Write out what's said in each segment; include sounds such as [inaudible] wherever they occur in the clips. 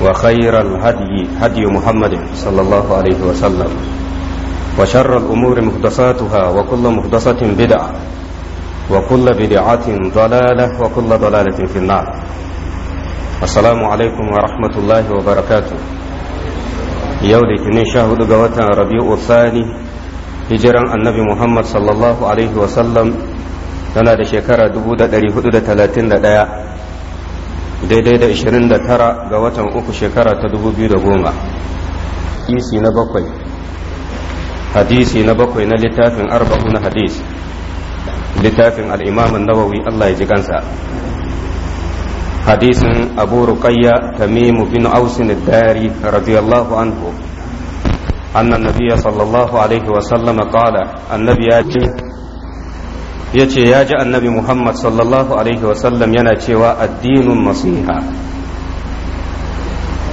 وخير الهدي هدي محمد صلى الله عليه وسلم وشر الأمور محدثاتها وكل محدثة بدعة وكل بدعة ضلالة وكل ضلالة في النار السلام عليكم ورحمة الله وبركاته yau da kinin sha hudu ga watan rabi'u thani hijiran annabi muhammad sallallahu alaihi wasallam tana da shekara 431 daidai da 29 ga watan uku shekara ta 2010 hadisi na bakwai hadisi na bakwai na littafin arba'u na hadis littafin al'imamin nawawi Allah ya ji kansa hadisin abu ruqayya tamimu bin ausin dari radiyallahu anhu annan nabiya sallallahu alaihi wasallam qala annabi ya ce yace ya ji annabi muhammad sallallahu yana cewa addinin nasiha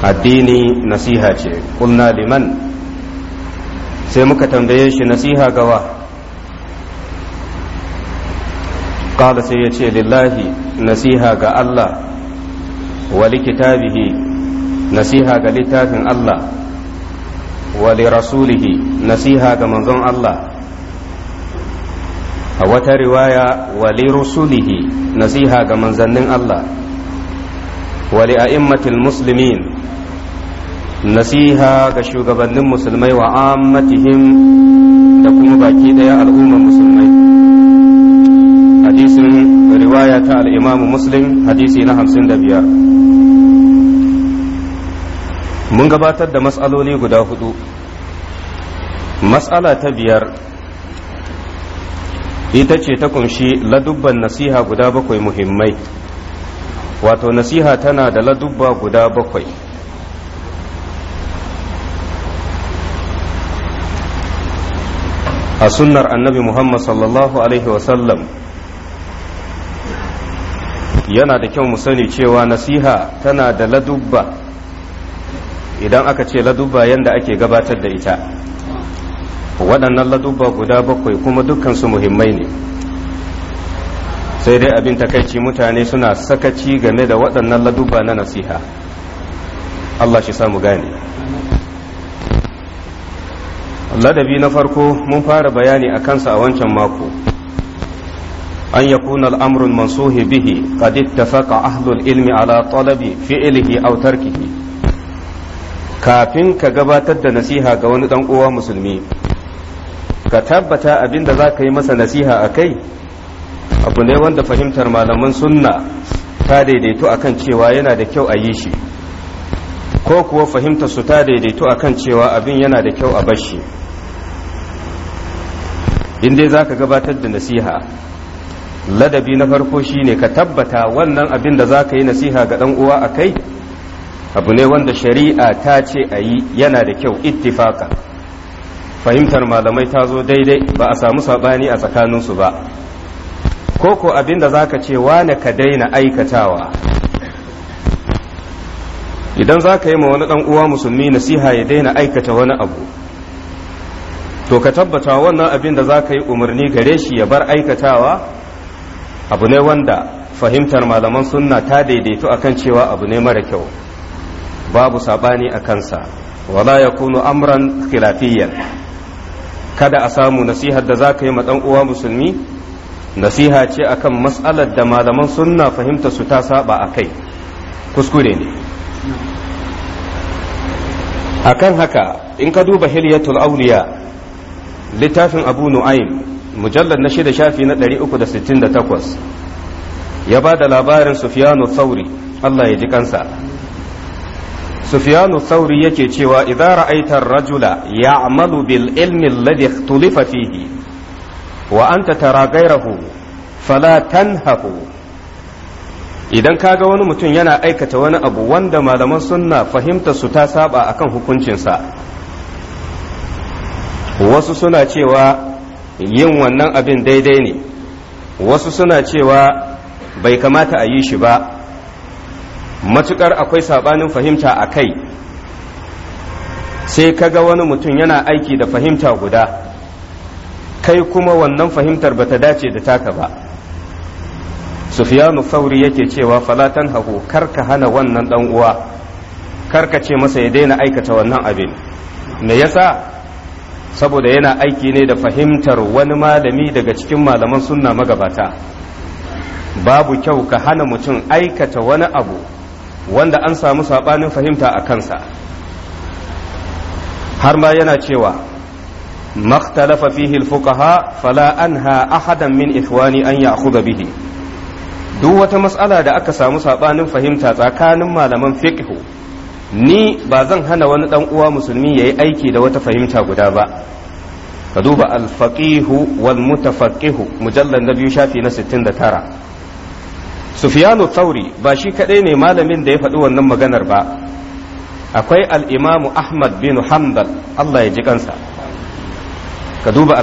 addini nasiha ce kulna liman sai muka tambaye shi nasiha gawa kala sai ya lillahi nasiha ga allah wali kitabihi nasiha ga littafin allah wali rasulihi nasiha ga manzon allah a wata riwaya wali rusulihi nasiha ga manzannin Allah wali a'immatil muslimin nasiha ga shugabannin musulmai wa ammatihim da kuma baki daya al'ummar musulmai hadisin riwaya ta al'imamu muslim hadisi na hamsin da biyar mun gabatar da matsaloli guda hudu matsala ta biyar ita ce ta kunshi ladubban nasiha guda bakwai muhimmai wato nasiha tana da ladubba guda bakwai a sunnar annabi muhammad sallallahu alaihi wasallam yana da kyau mu sani cewa nasiha tana da ladubba idan aka ce ladubba yadda ake gabatar da ita waɗannan ladubba guda bakwai kuma dukkansu muhimmai ne sai dai abin takaici mutane suna sakaci game da waɗannan ladubba na nasiha Allah shi samu gane ladabi na farko mun fara bayani a kansa a wancan mako an ya kuna al'amurin mansuhi bihi ta ittafaqa ahlul ilmi ala talabi fi'lihi aw tarkihi kafin ka gabatar da nasiha ga wani dan uwa musulmi ka tabbata abin da za ka yi masa nasiha a kai abu ne wanda fahimtar malaman sunna ta daidaito kan cewa yana da kyau a yi shi ko kuwa fahimtar su ta daidaito kan cewa abin yana da kyau a bashi in dai za ka gabatar da nasiha ladabi na farko shine ka tabbata wannan abin da za ka yi nasiha ga ɗan uwa a kai abu ne wanda shari'a ta ce a yi yana da kyau ittifaka fahimtar malamai ta zo daidai ba a samu saɓani a tsakaninsu ba ko ko abin da za ka ce wane ka daina aikatawa idan za ka yi ma wani ɗan uwa musulmi nasiha ya daina aikata wani abu to ka tabbata wannan abin da za ka yi umarni gare shi ya bar aikatawa abu ne wanda fahimtar malaman sunna ta daidaito akan cewa abu ne mara kyau babu saɓani a kansa wala ya kunu amran khilafiyyan kada a samu nasihar da za ka yi ɗan uwa musulmi nasiha ce akan matsalar da malaman sunna fahimta su ta saba a kai kuskure ne akan haka in ka duba hilyatul auliya littafin abu nu'aim mujallar na shida shafi na 368 ya ba da labarin sufiyanu sauri allah ya ji kansa Sufiyanu sauri yake cewa idza ra'aitar rajula ya'malu bil ilmi alladhi ikhtalifa fihi wa anta tara fala idan kaga wani mutum yana aikata wani abu wanda malaman sunna fahimta su ta saba akan hukuncinsa wasu suna cewa yin wannan abin daidai ne wasu suna cewa bai kamata a yi shi ba matukar akwai sabanin fahimta a kai sai ka ga wani mutum yana aiki da fahimta guda kai kuma wannan fahimtar ba ta dace da taka ba sufiyanu fauri yake cewa falatan hagu karka hana wannan dan uwa karka ce masa ya daina aikata wannan abin me yasa saboda yana aiki ne da fahimtar wani malami daga cikin malaman sunna magabata babu kyau ka hana mutum aikata wani abu wanda an samu saɓanin fahimta a kansa har ma yana cewa maktalafa fihi fuqaha fala anha ahadan min ikhwani an ya'khudha bihi duk wata matsala da aka samu saɓanin fahimta tsakanin malaman fiqhu ni ba zan hana wani ɗan uwa musulmi ya yi aiki da wata fahimta guda ba ka duba al-faqihu wal mutafaqqihu mujallar na biyu shafi na 69 sufiyanu thauri ba shi kaɗai ne malamin da ya faɗi wannan maganar ba akwai al'imamu ahmad bin hanbal allah ya ji kansa ka duba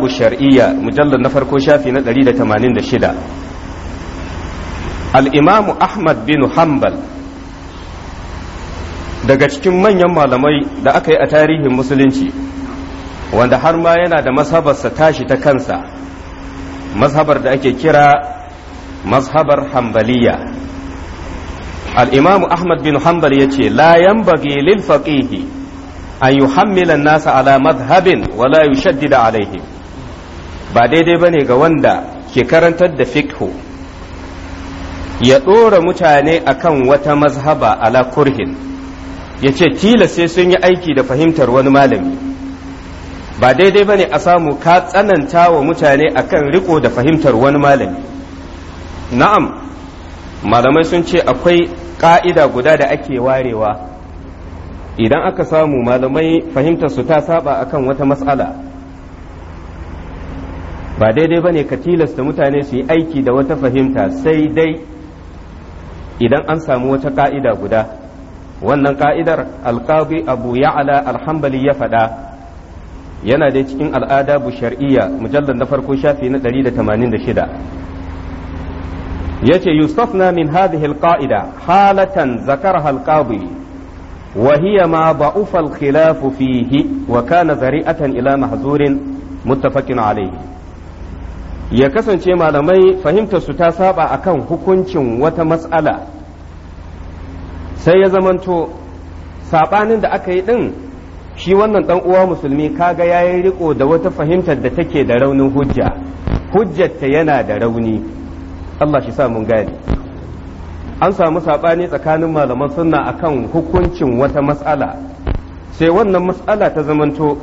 bu shar'iyya mujallar na farko shafi na 186 al'imamu ahmad bin hanbal daga cikin manyan malamai da aka yi a tarihin musulunci wanda har ma yana da mazhabarsa tashi ta kansa mazhabar da ake kira mazhabar al al'imamu ahmad bin hanbal ya ce layan bagi lil faqihi an yi hammilan nasa ala mazhabin wala yi shaddida alaihim ba daidai ba ne ga wanda ke karantar da fikhu ya ɗora mutane akan wata mazhaba ala kurhin ya ce sai sun yi aiki da fahimtar wani malami ba daidai ba ne a samu ka tsananta wa mutane akan riko da fahimtar wani malami na'am malamai sun ce akwai ƙa'ida guda da ake warewa idan aka samu malamai su ta saba akan wata matsala ba daidai ba ne ka tilasta mutane su yi aiki da wata fahimta sai dai idan an samu wata ƙa'ida guda wannan ƙa'idar alƙabi abu ala alhambali ya faɗa yana dai cikin al'ada bu shar'iyya mujallar na farko shafi na 186 yace yustafna min hadhihi alqa'ida halatan zakar alqadi wa hiya ma ba'ufa alkhilaf fihi wa kana zari'atan ila mahzurin ya kasance malamai fahimtar su ta saba akan hukuncin wata matsala sai ya zamanto sabanin da aka yi din shi wannan dan uwa musulmi kaga yi riko da wata fahimtar da take da raunin hujja hujjarta yana da rauni Allah shi sa mun gane an samu saɓani tsakanin malaman sunna akan hukuncin wata matsala. sai wannan matsala ta zamanto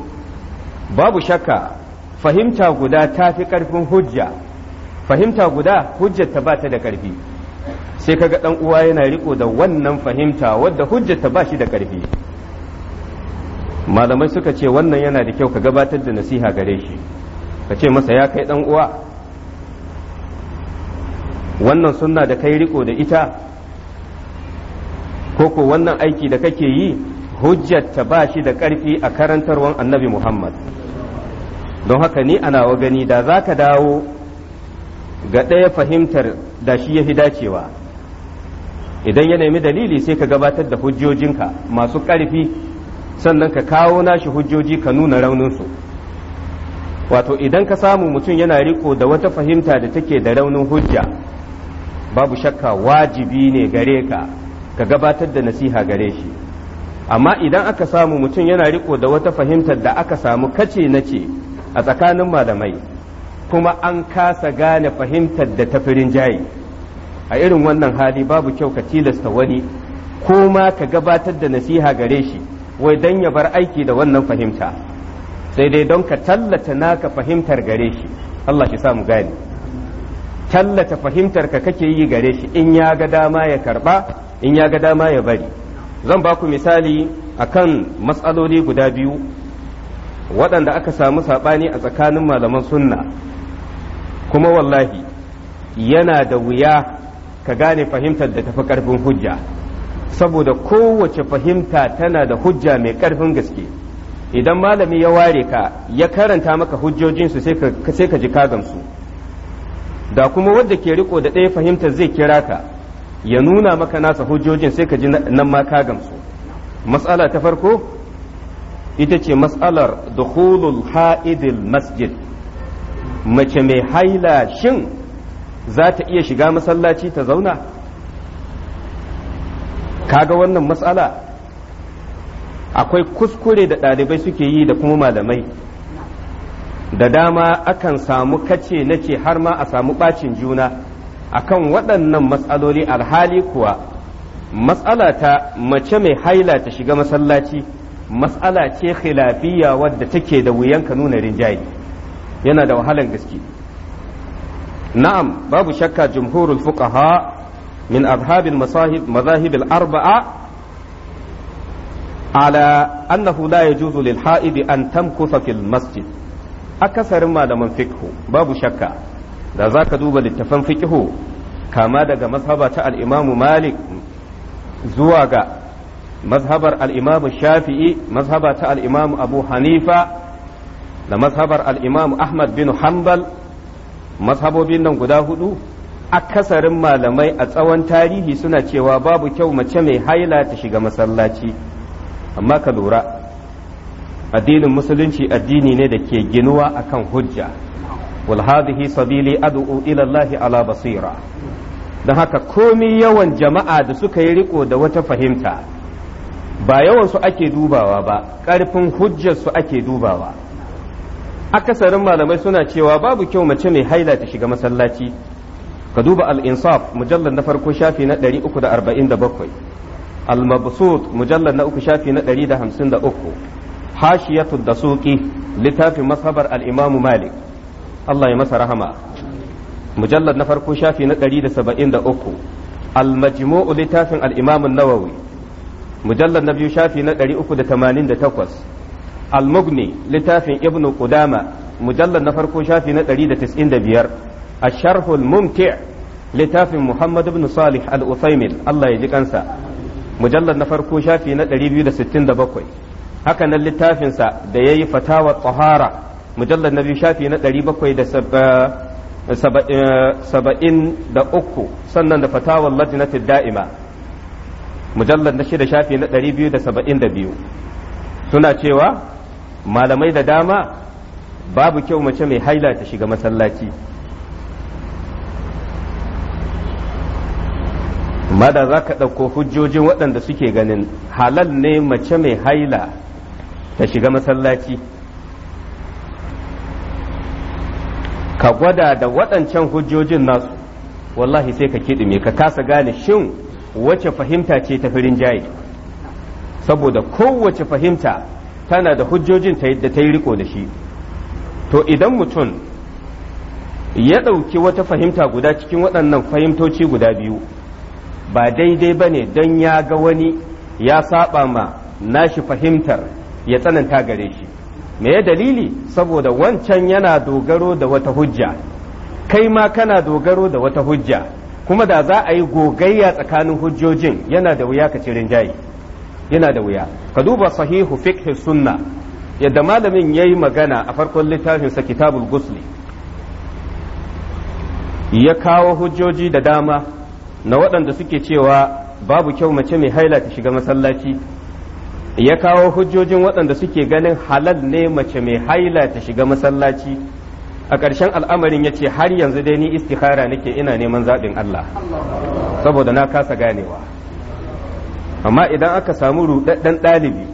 babu shakka fahimta guda ta fi ƙarfin hujja fahimta guda hujjata ba ta da ƙarfi sai kaga ɗan uwa yana riko da wannan fahimta wadda hujjata ba shi da ƙarfi malamai suka ce wannan yana da kyau ka gabatar da nasiha gare shi ka ce masa ya kai ɗan uwa wannan sunna da kai riko da ita ko ko wannan aiki da kake yi hujjarta ba shi da ƙarfi a karantarwan annabi muhammad don haka ni ana wa gani da za ka dawo ga ɗaya fahimtar da shi ya fi dacewa idan ya nemi dalili sai ka gabatar da hujjojinka masu ƙarfi sannan ka kawo nashi hujjoji ka nuna rauninsu wato idan ka samu mutum yana riko da wata fahimta da take da raunin hujja babu shakka wajibi ne gare ka ka gabatar da nasiha gare shi amma idan aka samu mutum yana riko da wata fahimtar da aka samu kace na ce a tsakanin malamai kuma an kasa gane fahimtar da tafirin jayi a irin wannan hali babu kyau ka tilasta wani ko ma ka gabatar da nasiha gare shi wai don ya bar aiki da wannan fahimta sai dai don ka tallata naka fahimtar gare shi Allah shi samu gane tallata fahimtar ka kake yi gare shi in ya ga dama ya karba in ya ga dama ya bari zan ba ku misali akan matsaloli guda biyu waɗanda aka samu saɓani a tsakanin malaman sunna kuma wallahi yana da wuya ka gane fahimtar da tafi ƙarfin hujja saboda kowace fahimta tana da hujja mai ƙarfin gaske idan malami ya ware ka ya karanta maka hujjojinsu sai ka ji ka da kuma wanda ke riko da ɗaya fahimtar zai kira ka ya nuna maka nasa hujjojin sai ka ji nan ma ka gamsu matsala ta farko ita ce matsalar dukhulul ha'idil masjid mace mai haila shin za ta iya shiga masallaci ta zauna kaga wannan matsala akwai kuskure da ɗalibai suke yi da kuma malamai da dama akan samu kace nace har ma a samu ɓacin juna akan waɗannan matsaloli alhali kuwa matsala ta mace mai haila ta shiga masallaci matsala ce khilafiyya wadda take da wuyan ka nuna rinjaye yana da wahalan gaske na'am babu shakka jumhurul fuqaha min azhabil mazahib al-arba'a annahu la yajuzu lil للحائض an تمكث fil masjid akasarin malaman fikhu babu shakka da za ka duba littafan fiqhu kama daga mazhaba ta al'imamu malik zuwa ga mazhabar al'imamu shafi'i mazhaba ta al'imamu abu hanifa da mazhabar al'imamu ahmad bin hanbal mazhabobin nan guda hudu akasarin malamai a tsawon tarihi suna cewa babu kyau mace mai haila ta shiga masallaci amma ka lura addinin musulunci addini ne da ke ginuwa akan hujja wal hadhihi sabili ad'u ila Allah ala basira dan haka komi yawan jama'a da suka yi riko da wata fahimta ba yawan su ake dubawa ba karfin hujjar su ake dubawa akasarin malamai suna cewa babu kyau mace mai haila ta shiga masallaci ka duba al-insaf mujallar na farko shafi na 347 al-mabsut mujallar na uku shafi na 153 hashiyatu da suki littafin masabar al'imamu malik Allah ya masa rahama mujallar na farko shafi na 173 al-majmu'u littafin al-imam an-nawawi mujallar na biyu shafi na 388 al-mughni littafin ibn qudama mujallad na farko shafi na 195 الشرح الممتع لتاف محمد بن صالح الأثيمين الله يجيك أنسى مجلد نفر كوشا في 267 haka nan littafinsa da ya yi fatawa tsahara mujallar na biyu shafi na ɗari bakwai da eh, eh, saba'in da uku sannan da fatawar lajinatin da'ima mujallar na shida shafi na ɗari biyu da saba'in da biyu suna cewa malamai da dama babu kyau mace mai haila ta shiga masallaci amma da za ka ɗauko hujjojin waɗanda suke ganin halal ne mace mai haila ka shiga masallaci ka gwada da waɗancan hujjojin nasu wallahi sai ka kiɗime ka kasa gane shin wace fahimta ce ta firin jaye saboda kowace fahimta tana da hujjojin ta yadda ta yi riko da shi to idan mutum ya ɗauki wata fahimta guda cikin waɗannan fahimtoci guda biyu ba daidai ba ne don ya ga wani ya saba ma nashi fahimtar ya tsananta gare shi me ya dalili saboda wancan yana dogaro da wata hujja kai ma kana dogaro da wata hujja kuma da za a yi gogayya tsakanin hujjojin yana da wuya ka ci rinjaye yana da wuya ka duba sahihu fiqh sunna yadda malamin yayi magana a farkon littafin sa kitabul gusli ya kawo hujjoji da dama na waɗanda suke cewa babu kyau mace mai haila ta shiga masallaci ya kawo hujjojin waɗanda suke ganin halal ne mace mai haila ta shiga masallaci a ƙarshen al'amarin ya ce har yanzu dai ni istihara nake ina neman zaɓin Allah saboda na kasa ganewa amma idan aka samu ruɗaɗɗen ɗalibi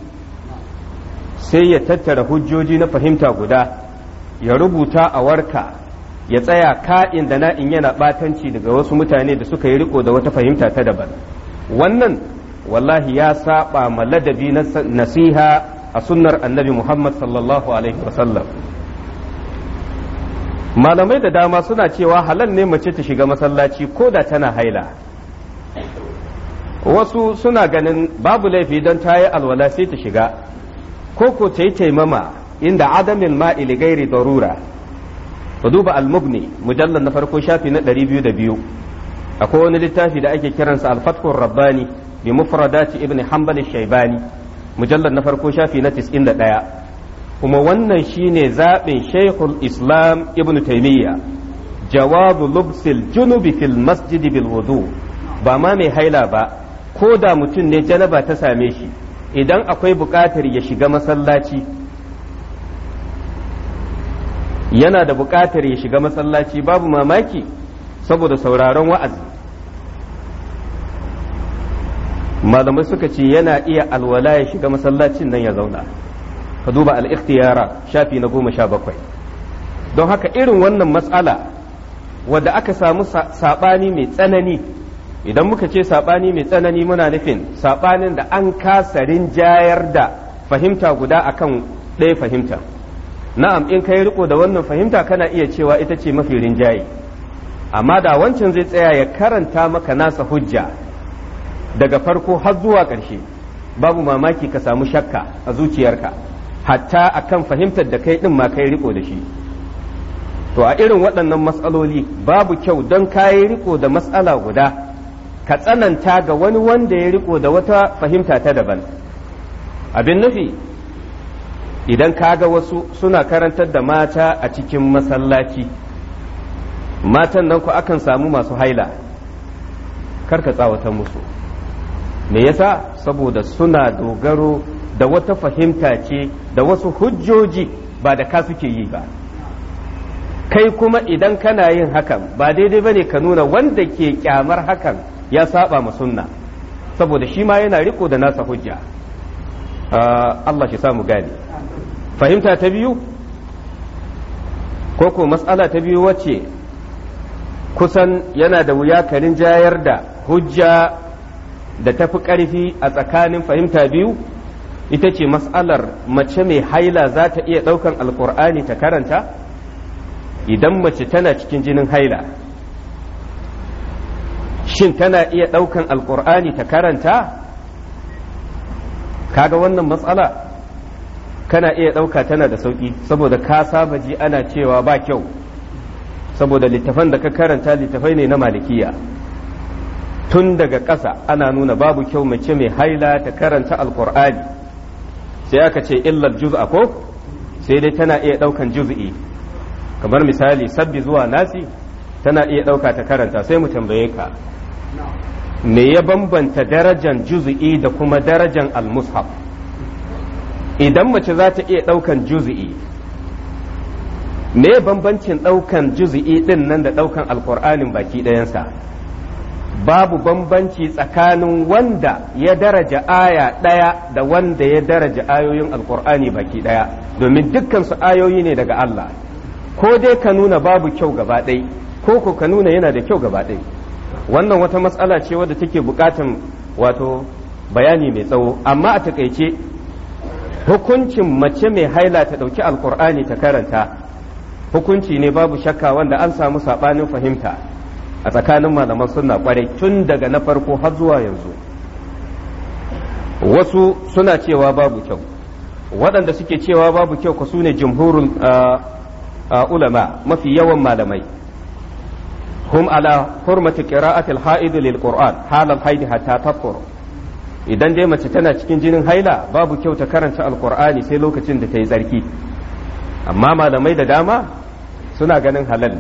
sai ya tattara hujjoji na fahimta guda ya rubuta a warka ya tsaya ka'in da na'in yana ɓatanci daga wasu mutane da suka yi riko da wata fahimta ta daban wannan wallahi ya saba ma ladabi nasiha a sunnar annabi Muhammad sallallahu alaihi wasallam malamai da dama suna cewa halal ne mace ta shiga masallaci ko da tana haila wasu suna ganin babu laifi don ta yi alwala sai ta shiga ko ko ta yi taimama inda adamin ma'ili gairi darura ku duba al mujallar na farko shafi na 202 akwai wani littafi da ake kiransa al rabbani bi mufradati ibn hanbal shaybani mujallar na farko shafi na 91 kuma wannan shine zaɓin shaykhul islam ibn taimiyya jawabu lubsil junubi fil masjidi bil wudu ba ma mai haila ba ko da mutum ne janaba ta same shi idan akwai buƙatar ya shiga masallaci yana da buƙatar ya shiga masallaci babu mamaki saboda sauraron wa'azi malamai suka ce yana iya alwala ya shiga masallacin nan ya zauna ka duba al-ikhtiyara shafi na goma sha bakwai don haka irin wannan matsala wadda aka samu saɓani mai tsanani idan muka ce saɓani mai tsanani muna nufin saɓanin da an kasarin jayar da fahimta guda akan ɗaya fahimta na'am in kai riko da wannan fahimta kana iya cewa ita ce mafi rinjaye amma da wancan zai tsaya ya karanta maka nasa hujja daga farko har zuwa ƙarshe babu mamaki ka samu shakka a zuciyarka hatta akan fahimtar da kai ɗin ma kai riko da shi to a irin waɗannan matsaloli babu kyau don kayi riko da matsala guda ka tsananta ga wani wanda ya riko da wata fahimta ta daban abin nufi idan ka ga wasu suna karantar da mata a cikin masallaci matan nan ku akan samu masu haila karka tsawatan musu me yasa saboda suna dogaro da wata fahimta ce da wasu hujjoji ba da ka suke yi ba kai kuma idan kana yin hakan ba daidai ba ne ka nuna wanda ke kyamar hakan ya saba ma sunna saboda shi ma yana riko da nasa hujja ah, Allah shi samu gane fahimta ta biyu ko ko mas'ala ta biyu wace kusan yana da wuya karin jayar da hujja da tafi ƙarfi a tsakanin fahimta biyu ita ce mas'alar mace mai haila za ta iya ɗaukan Alƙur'ani ta karanta idan mace tana cikin jinin haila shin tana iya ɗaukan Alƙur'ani ta karanta kaga wannan matsala kana iya ɗauka tana da sauƙi saboda ka saba ji ana cewa ba kyau saboda littafan da ka karanta littafai ne na malikiya tun daga ƙasa ana nuna babu kyau mace mai haila ta karanta alkur'ani sai aka ce illar juz'a ko sai dai tana iya ɗaukan juz'i kamar misali sabbi zuwa nasi tana iya ɗauka ta karanta sai mu tambaye ka me ya bambanta darajan juz'i da kuma darajan almushaf idan mace za ta iya ɗaukan juz'i me bambancin ɗaukan juz'i ɗin nan da ɗaukan alkur'anin baki ɗayansa babu bambanci tsakanin wanda ya daraja aya ɗaya da wanda ya daraja ayoyin alkur'ani baki ɗaya domin dukkansu ayoyi ne daga Allah ko dai ka nuna babu kyau gaba ɗai ko ko ka nuna yana da kyau gaba ɗai wannan wata matsala ce wadda take bukatan wato bayani mai tsawo amma a takaice hukuncin mace mai haila ta ɗauki alkur'ani ta karanta hukunci ne babu shakka wanda an samu saɓanin fahimta a tsakanin malaman sunna kwarai tun daga na farko har zuwa yanzu wasu suna cewa babu kyau waɗanda suke cewa babu kyau ku su ne ulama mafi yawan malamai hum ala hurmati qira'atil ha'id lil qur'an halal haidi hatta tafkur idan dai mace tana cikin jinin haila babu kyau ta karanta alqur'ani sai lokacin da ta yi tsarki amma malamai da dama suna ganin halal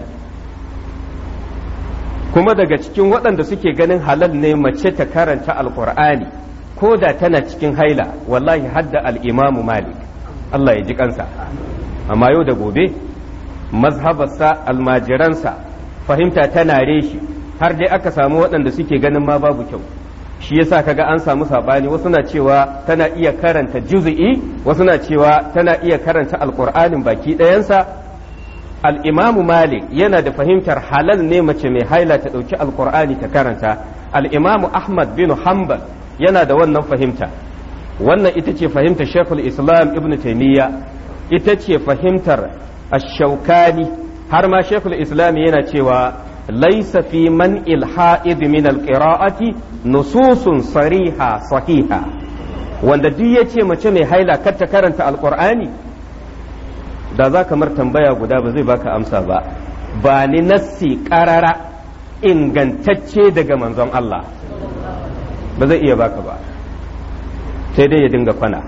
kuma daga cikin waɗanda suke ganin halal ne mace ta karanta alkur'ani ko da tana cikin haila wallahi hadda al'imamu malik Allah ya ji kansa amma yau da gobe mazhabarsa almajiransa fahimta tana reshi har dai aka samu waɗanda suke ganin ma babu kyau shi yasa kaga an samu saɓani wasu na cewa tana iya karanta juzu'i wasu na cewa tana iya karanta alkur'anin baki ɗayansa al'imamu malik yana da fahimtar halal ne mace mai haila ta ɗauki alkur'ani ta karanta al'imamu ahmad bin hanbal yana da wannan fahimta wannan ita ce fahimtar shekul islam ibn taimiyya ita ce fahimtar ashaukani har ma shekul islam yana cewa laisa fi man ilha'id min alqira'ati nususun sariha sahiha wanda duk yace mace mai haila kar ta karanta alkur'ani da za kamar tambaya guda ba zai baka amsa ba ba ni nassi karara ingantacce daga manzon Allah ba zai iya baka ba sai dai ya dinga kwana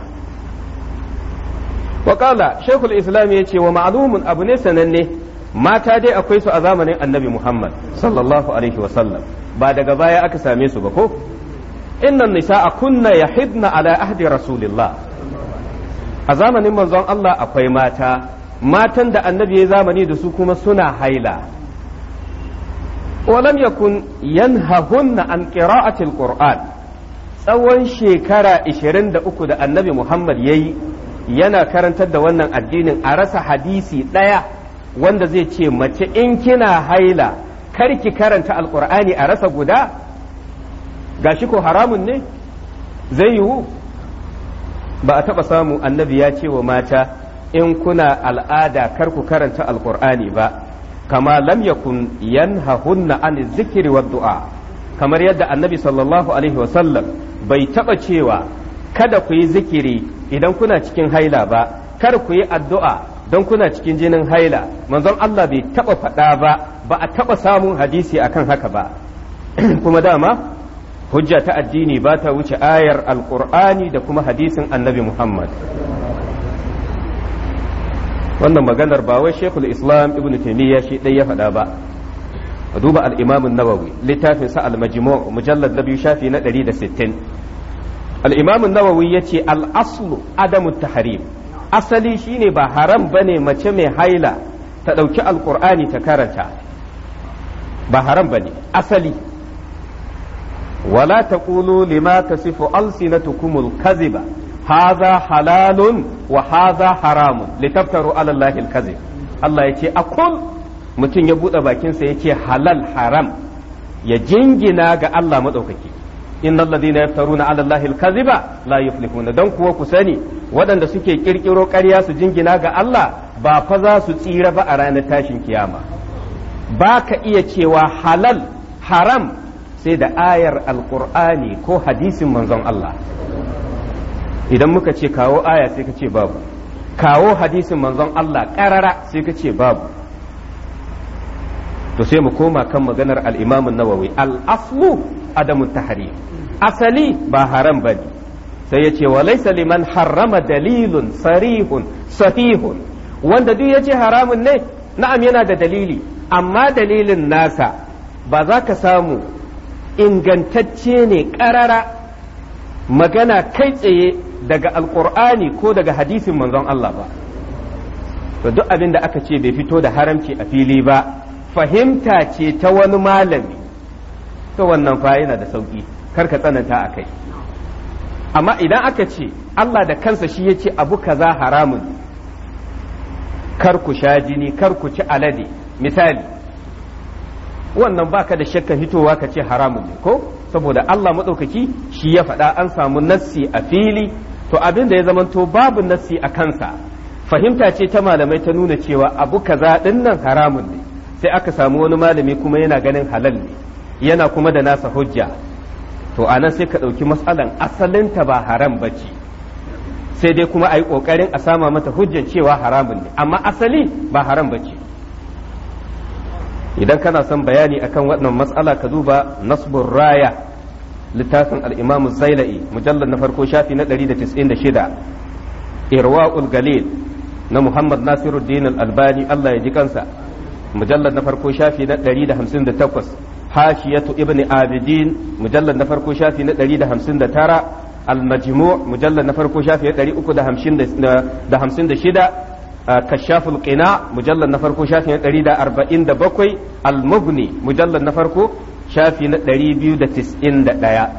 waƙala shekul islam ya ce wa ma'alumin abu ne sananne mata dai akwai su a zamanin annabi muhammad sallallahu alaihi wasallam ba daga baya aka same su ba ko innan a kunna yahidna ala ahdi rasulillah a zamanin manzon Allah akwai mata matan da annabi ya zamani da su kuma suna haila walam yakun yanhahunna an qira'ati alquran tsawon shekara 23 da annabi Muhammad yayi yana karantar da wannan addinin a rasa hadisi ɗaya wanda zai ce mace in kina haila kar ki karanta alqur'ani a rasa guda gashi ko haramun ne zai yiwu ba a taɓa samu annabi ya ce wa mata in kuna al'ada kar ku karanta alqur'ani ba kama lam yakun yanhahunna an zikiri wa du'a kamar yadda annabi sallallahu alaihi wasallam bai taɓa cewa kada ku yi zikiri idan kuna cikin haila ba kar ku yi addu'a don kuna cikin jinin haila manzon Allah bai taɓa faɗa ba ba a taba samun hadisi akan haka ba [clears throat] kuma dama hujja ta addini ba ta wuce ayar alqur'ani da kuma hadisin annabi Muhammad wannan maganar ba wai shekul islam ibn taimiyya shi ɗaya ya faɗa ba a duba al'imamun nawawi littafin sa al-majmu mujallad na biyu shafi na 160 nawawi ya ce al'aslu adamu taharim asali shine ba haram bane mace mai haila ta ɗauki Alkur'ani ta karanta ba haram bane asali wala taqulu lima tasifu tukumul kaziba haza halalun wa haza haramun litaftaru ala Allahi al Allah ya ce akul mutum ya buɗe bakinsa ya ce halal haram ya jingina ga Allah maɗaukaki inna na yaftaruna ala Allahi al-kadhiba la kuwa ku sani waɗanda suke kirkiro ƙarya su jingina ga Allah ba fa za su tsira ba a ranar tashin kiyama ba ka iya cewa halal haram sai da ayar alqur'ani ko hadisin manzon Allah idan muka ce kawo aya sai ka ce babu kawo hadisin manzon Allah karara sai ka ce babu to sai mu koma kan maganar al-Imam nawawi al-aslu adamu tahrim asali ba haram bane sai ya ce wa laysa liman harrama dalilun sarihun sahihun wanda duk ya ce haramun ne na'am yana da dalili amma dalilin nasa ba za ka samu ingantacce ne karara magana kai tsaye daga alkur'ani ko daga hadisin manzon Allah ba to duk abin da aka ce bai fito da haramci a fili ba fahimta ce ta wani malami to wannan fa yana da sauki kar ka tsananta a kai amma idan aka ce Allah da kansa shi ya ce abu kaza haramun kar ku sha jini kar ku ci alade misali wannan baka da shakka hitowa ka ce haramun ne ko saboda Allah maɗaukaki shi ya faɗa an samu nassi a fili to abin da ya zama to babu nassi a kansa fahimta ce ta malamai ta nuna cewa abu kaza din nan haramun ne sai aka samu wani malami kuma yana ganin halal ne yana kuma da nasa hujja to anan sai ka ɗauki matsalan asalinta ba haram ba sai dai kuma a yi ƙoƙarin a sama mata hujjar cewa haramun ne amma asali ba haram ba idan kana son bayani akan wannan matsala ka duba nasbur raya littafin al-imam zaila'i mujallar na farko shafi na 196 irwa'ul galil na muhammad nasiruddin al-albani Allah ya ji kansa mujallar na farko shafi na 158 hashiyatu ibn abidin mujallar na farko shafi na 159 al-majmu' mujallar na farko shafi na 356 كشاف القناع مجلد نفرقو شافي 147 المغني مجلد نفرقو shafi na 291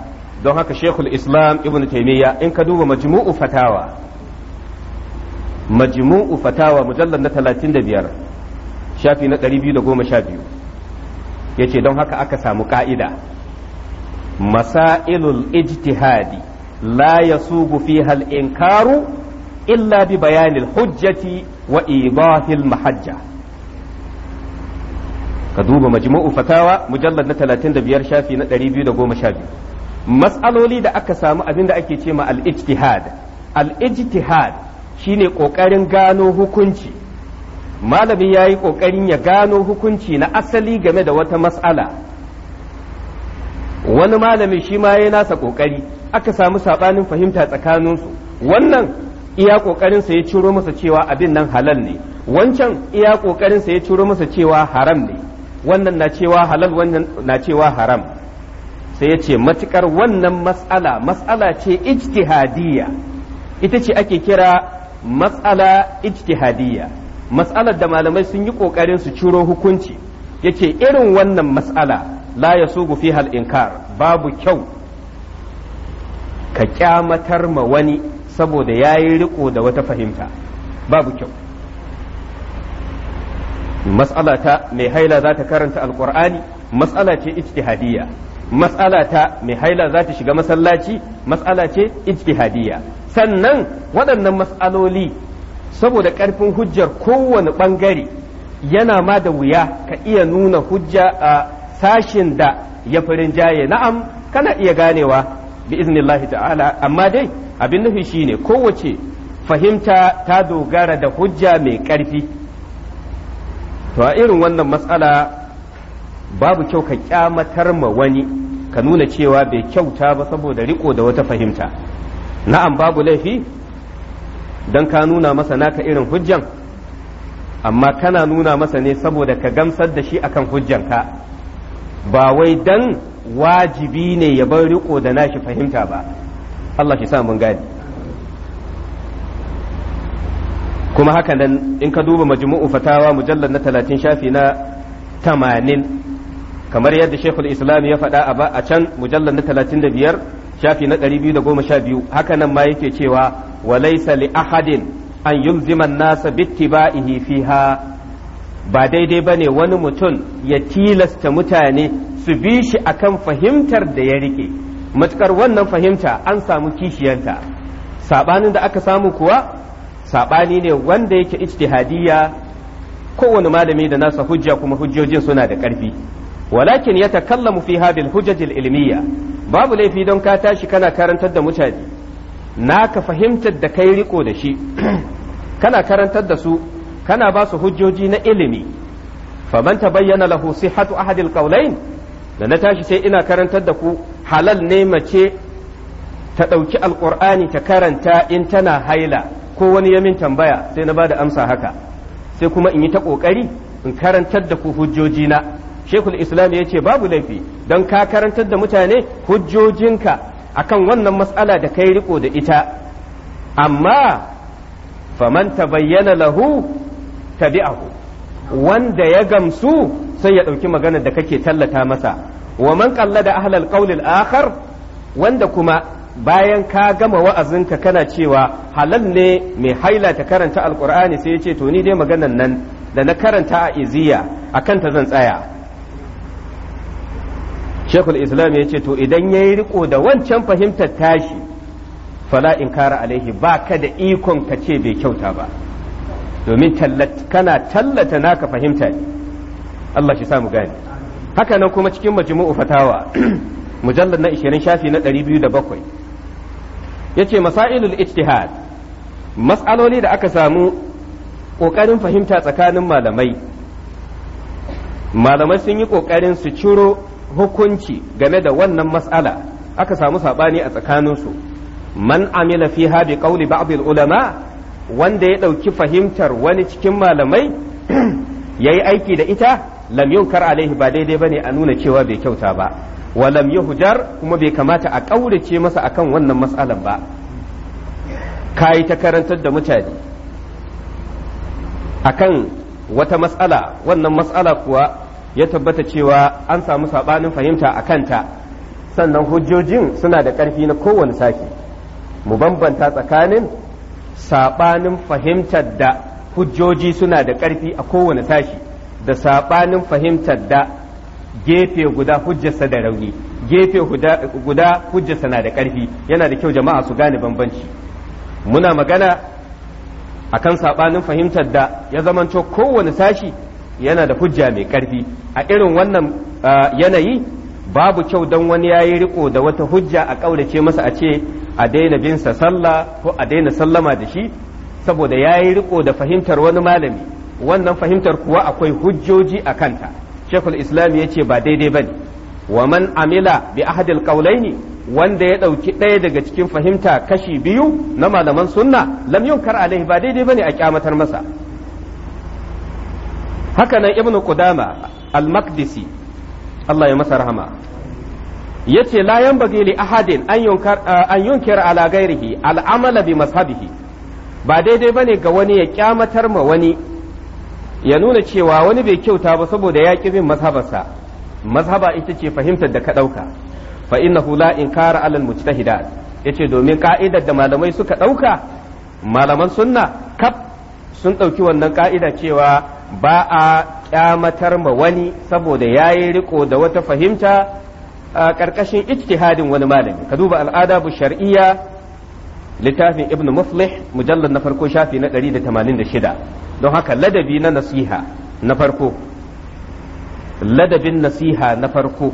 don haka shekul islam ibn taimiyya in ka duba majmu'u fatawa majmu'u fatawa mujallar na 35 shafi na 212 ya ce don haka aka samu ka'ida masailul ijtihadi la yasugu fiha al-inkaru illa bi bayanil hujjati wa idahil mahajja ka duba majmu'u fatawa mujallad na 35 shafi na 212 mas'aloli da aka samu abin da ake ce ma al-ijtihad al-ijtihad shine kokarin gano hukunci malami yayi kokarin ya gano hukunci na asali game da wata mas'ala wani malami shi ma yayi nasa kokari aka samu sabanin fahimta tsakaninsu wannan iya sa ya ciro masa cewa abin nan halal ne wancan iya ƙoƙarinsa ya ciro masa cewa haram ne wannan na cewa halal wannan na cewa haram sai yace matukar wannan matsala matsala ce ijtihadiyya ita ce ake kira matsala ijtihadiyya matsalar da malamai sun yi kokarin su ciro hukunci yace irin wannan matsala la yasugu fiha al-inkar babu kyau ka kyamatar ma wani saboda yayi riko da wata fahimta babu kyau mas'ala ta mai haila za ta karanta alqur'ani mas'ala ce ijtihadiyya mas'ala ta mai haila za ta shiga masallaci mas'ala ce ijtihadiyya sannan waɗannan mas'aloli saboda ƙarfin hujjar kowane ɓangare yana ma da wuya ka iya nuna hujja a sashin da ya farin jaye na'am kana iya ganewa bi iznillahi ta'ala amma dai abin nufi shine kowace fahimta ta dogara da hujja mai ƙarfi to a irin wannan matsala babu kyau ka kyamatar ma wani ka nuna cewa bai kyauta ba saboda riko da wata fahimta na'am babu laifi don ka nuna masa naka irin hujjan amma kana nuna masa ne saboda ka gamsar da shi akan hujjanka ba wai dan wajibi ne ya bar riko da nashi fahimta ba Allah shi sa mun gadi kuma haka nan in ka duba majmu'u fatawa mujallar na talatin shafi na tamanin kamar yadda shekul islam ya faɗa a can mujallar na talatin da biyar shafi na ɗari biyu da goma sha biyu haka nan ma yake cewa walaisa li ahadin an yulziman nasa bittiba'ihi fiha ba daidai ba ne wani mutum ya tilasta mutane su bi shi akan fahimtar da ya rike matukar wannan fahimta an samu kishiyanta saɓanin da aka samu kuwa saɓani ne wanda yake ijtihadiyya kowane malami da nasa hujja kuma hujjojin suna da ƙarfi walakin ya takallamu fi habil hujjajil ilmiya babu laifi don ka tashi kana karantar da mutane ka fahimtar da kai riko da shi [clears throat] kana karantar da su kana ba su hujjoji na ilimi faman bayyana lahu sihhatu ahadil qawlain da na tashi sai ina karantar da ku halal ne mace ta ɗauki alƙur'ani ta karanta in tana haila ko wani ya min tambaya sai na bada amsa haka sai kuma in yi ta ƙoƙari in karantar da ku hujjojina shekul islam ya ce babu laifi don ka karantar da mutane hujjojinka akan wannan matsala da kai riko da ita amma faman bayyana lahu tabi'ahu wanda ya gamsu sai ya ɗauki maganar da kake tallata masa wa man da ahlal qawli al-akhar wanda kuma bayan ka gama wa'azinka kana cewa halal ne mai haila ta karanta alkur'ani sai ya ce to ni dai maganan nan da na karanta a iziya a kanta zan tsaya shekul islam ya ce to idan ya yi riko da wancan fahimtar tashi fala in kara alaihi ba ka da ikon ka ce bai kyauta ba domin kana tallata naka fahimta ne Allah shi samu gani haka nan kuma cikin majmu'u fatawa [clears throat] mujallar na 20 shafi na 207 yace masailul ijtihad mas'aloli da aka samu ƙoƙarin fahimta tsakanin malamai malamai sun yi ƙoƙarin su ciro hukunci game da wannan mas'ala aka samu saɓani a tsakaninsu man amila fi bi qawli ba'd ulama wanda ya ɗauki fahimtar wani cikin malamai [clears throat] yayi aiki da ita lam yunkar alaihi ba daidai bane a nuna cewa bai kyauta ba walam hujar kuma bai kamata a ƙaurace masa akan wannan matsalan ba yi ta karantar da mutane akan wata matsala wannan matsala kuwa ya tabbata cewa an samu saɓanin fahimta a kanta sannan hujjojin suna da ƙarfi na kowane sashe mu bambanta tsakanin saɓanin fahimtar da hujjoji suna da ƙarfi a kowane sashi da saɓanin fahimtar da gefe guda hujjarsa da rauni gefe guda hujjarsa na da ƙarfi yana da kyau jama'a su gane bambanci muna magana akan saɓanin fahimtar da ya zamanto kowane sashi yana da hujja mai ƙarfi a irin wannan yanayi babu kyau don wani ya yi riko da wata hujja a ƙaurace masa a ce a daina binsa sallah ko a daina sallama da shi saboda ya yi riko da fahimtar wani malami wannan fahimtar kuwa akwai hujjoji a kanta shekul islam ya ce ba daidai ba ne wa man amila bi ahadil qaulaini wanda ya ɗauki ɗaya daga cikin fahimta kashi biyu na malaman sunna lam yunkar alaihi ba daidai bane a kyamatar masa hakanan ibnu kudama al-maqdisi ya masa rahama yace la yanbaghi ahadin an yunkar eh, an ala ghairihi al-amala bi mazhabihi ba daidai bane ga wani ya kyamatar ma wani ya nuna cewa wani bai kyauta ba saboda ya ƙi bin mazhabarsa mazhaba ita ce fahimtar da ka ɗauka fa hula in kara alal mujtahidat yace domin ka'idar da malamai suka ɗauka malaman sunna kaf sun ɗauki wannan ka'ida cewa ba a kyamatar ma wani saboda yayi riko da wata fahimta a ƙarƙashin ijtihadin wani malami ka duba al'ada bu shar'iyya littafin ibn muflih mujallar na farko shafi na 186 don haka ladabi na nasiha na farko ladabin nasiha na farko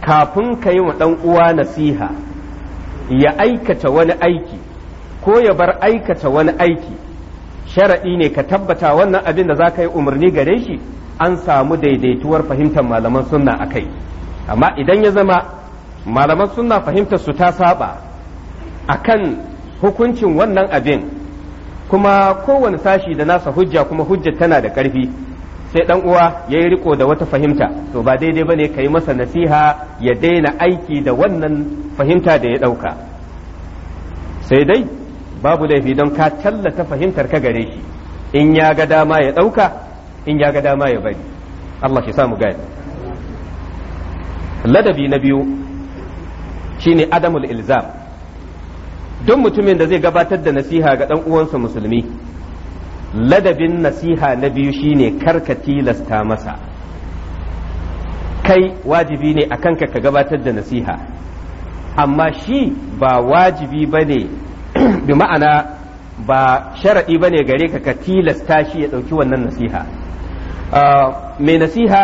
kafin ka yi wa ɗan uwa nasiha ya aikata wani aiki ko ya bar aikata wani aiki sharaɗi ne ka tabbata wannan abin da za ka yi umarni gare shi an samu daidaituwar fahimtar malaman sunna a kai amma idan ya zama malaman sunna fahimtar su ta saba akan hukuncin wannan abin kuma kowane sashi da nasa hujja kuma hujja tana da ƙarfi sai ɗan uwa ya yi riko da wata fahimta to ba daidai ba ne ka yi masa nasiha ya daina aiki da wannan fahimta da ya ɗauka sai dai babu laifi don ka tallata fahimtar ka gare shi in ya ga dama ya ɗauka in ya ga dama ya bari Allah shi samu gani ladabi na biyu shine adamul ilzam duk mutumin da zai gabatar da nasiha ga dan uwansa musulmi ladabin nasiha na biyu shine karka tilasta masa kai wajibi ne a kanka ka gabatar da nasiha amma shi ba wajibi ba ne [clears throat] bi ma'ana ba sharaɗi ba ne gare ka ka tilasta shi ya ɗauki wannan nasiha ah, mai nasiha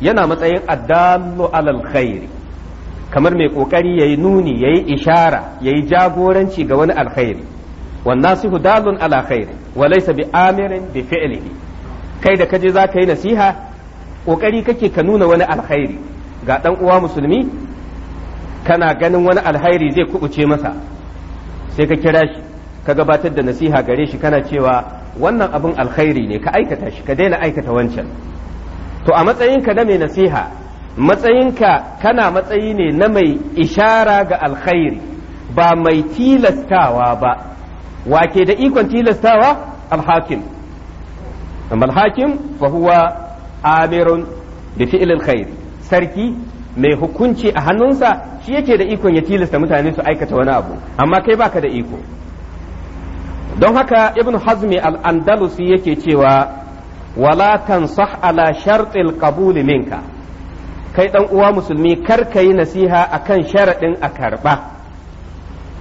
yana matsayin addalu alal khairi kamar mai kokari yayi nuni yayi ishara yayi jagoranci ga wani alkhairi wannasihu dalun ala khairi wa laysa bi amirin bi fi'lihi kai da kaje zaka yi nasiha kokari kake ka nuna wani alkhairi ga dan uwa musulmi kana ganin wani alkhairi zai kubuce masa sai ka kira shi ka gabatar da nasiha gare shi kana cewa wannan abin alkhairi ne ka aikata shi ka daina aikata wancan to a matsayinka na mai nasiha matsayinka kana matsayi ne na mai ishara ga alkhairi ba mai tilastawa ba wake da ikon tilastawa alhakim amma alhakim fa huwa amirun bi fi'l alkhairi sarki mai hukunci a hannunsa shi yake da ikon ya tilasta mutane su aikata wani abu amma kai baka da iko don haka ibn hazmi al-andalusi yake cewa wala tansah ala shartil qabul minka kai dan uwa musulmi kar ka yi nasiha akan sharaɗin a karɓa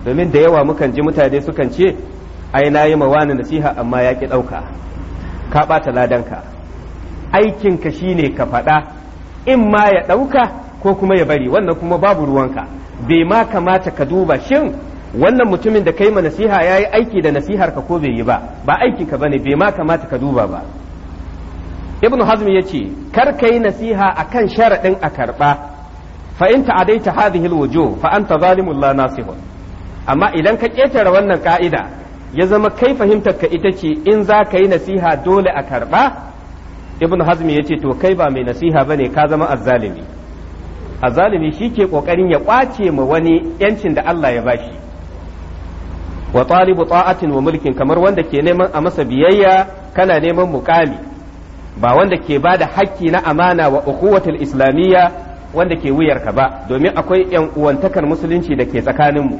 domin da yawa mukan ji mutane sukan ce ai na yi mawani nasiha amma ya ki ɗauka ka ɓata ladanka aikinka shine ka faɗa in ma ya ɗauka ko kuma ya bari wannan kuma babu ruwanka bai ma kamata ka duba shin wannan mutumin da kai ma nasiha ya yi aiki da nasiharka ko bai yi ba ba aikinka bane bai ma kamata ka duba ba ibn hazm ya ce kar ka yi nasiha akan sharaɗin a karɓa fa in ta'adaita hadhihi alwujuh fa anta zalimun la nasihun amma idan ka ƙetare wannan ka'ida ya zama kai fahimtar ka ita ce in za ka yi nasiha dole a karɓa ibn hazm ya ce to kai ba mai nasiha bane ka zama azzalimi azzalimi shi ke ƙoƙarin ya ƙwace ma wani yancin da Allah ya bashi wa talibu ta'atin wa mulkin kamar wanda ke neman a masa biyayya kana neman muƙami ba wanda ke ba da hakki na amana wa ukuwatul islamiyya wanda ke wuyarka ba domin akwai yan uwantakar musulunci da ke tsakanin mu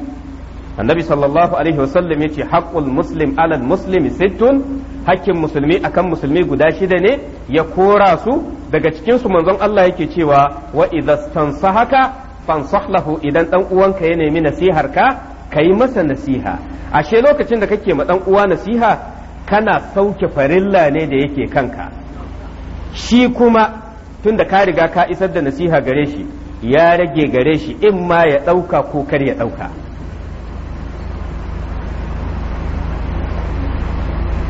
annabi sallallahu alaihi wasallam yace haqqul muslim ala Muslim sittun hakkin musulmi akan musulmi guda shida ne ya kora su daga cikin su manzon Allah yake cewa wa idza haka fansah idan dan uwanka ya nemi nasihar ka kai masa nasiha ashe lokacin da kake ma dan uwa nasiha kana sauke farilla ne da yake kanka shi kuma tun da ka riga ka isar da nasiha gare shi ya rage gare shi in ma ya ɗauka ko kar ya ɗauka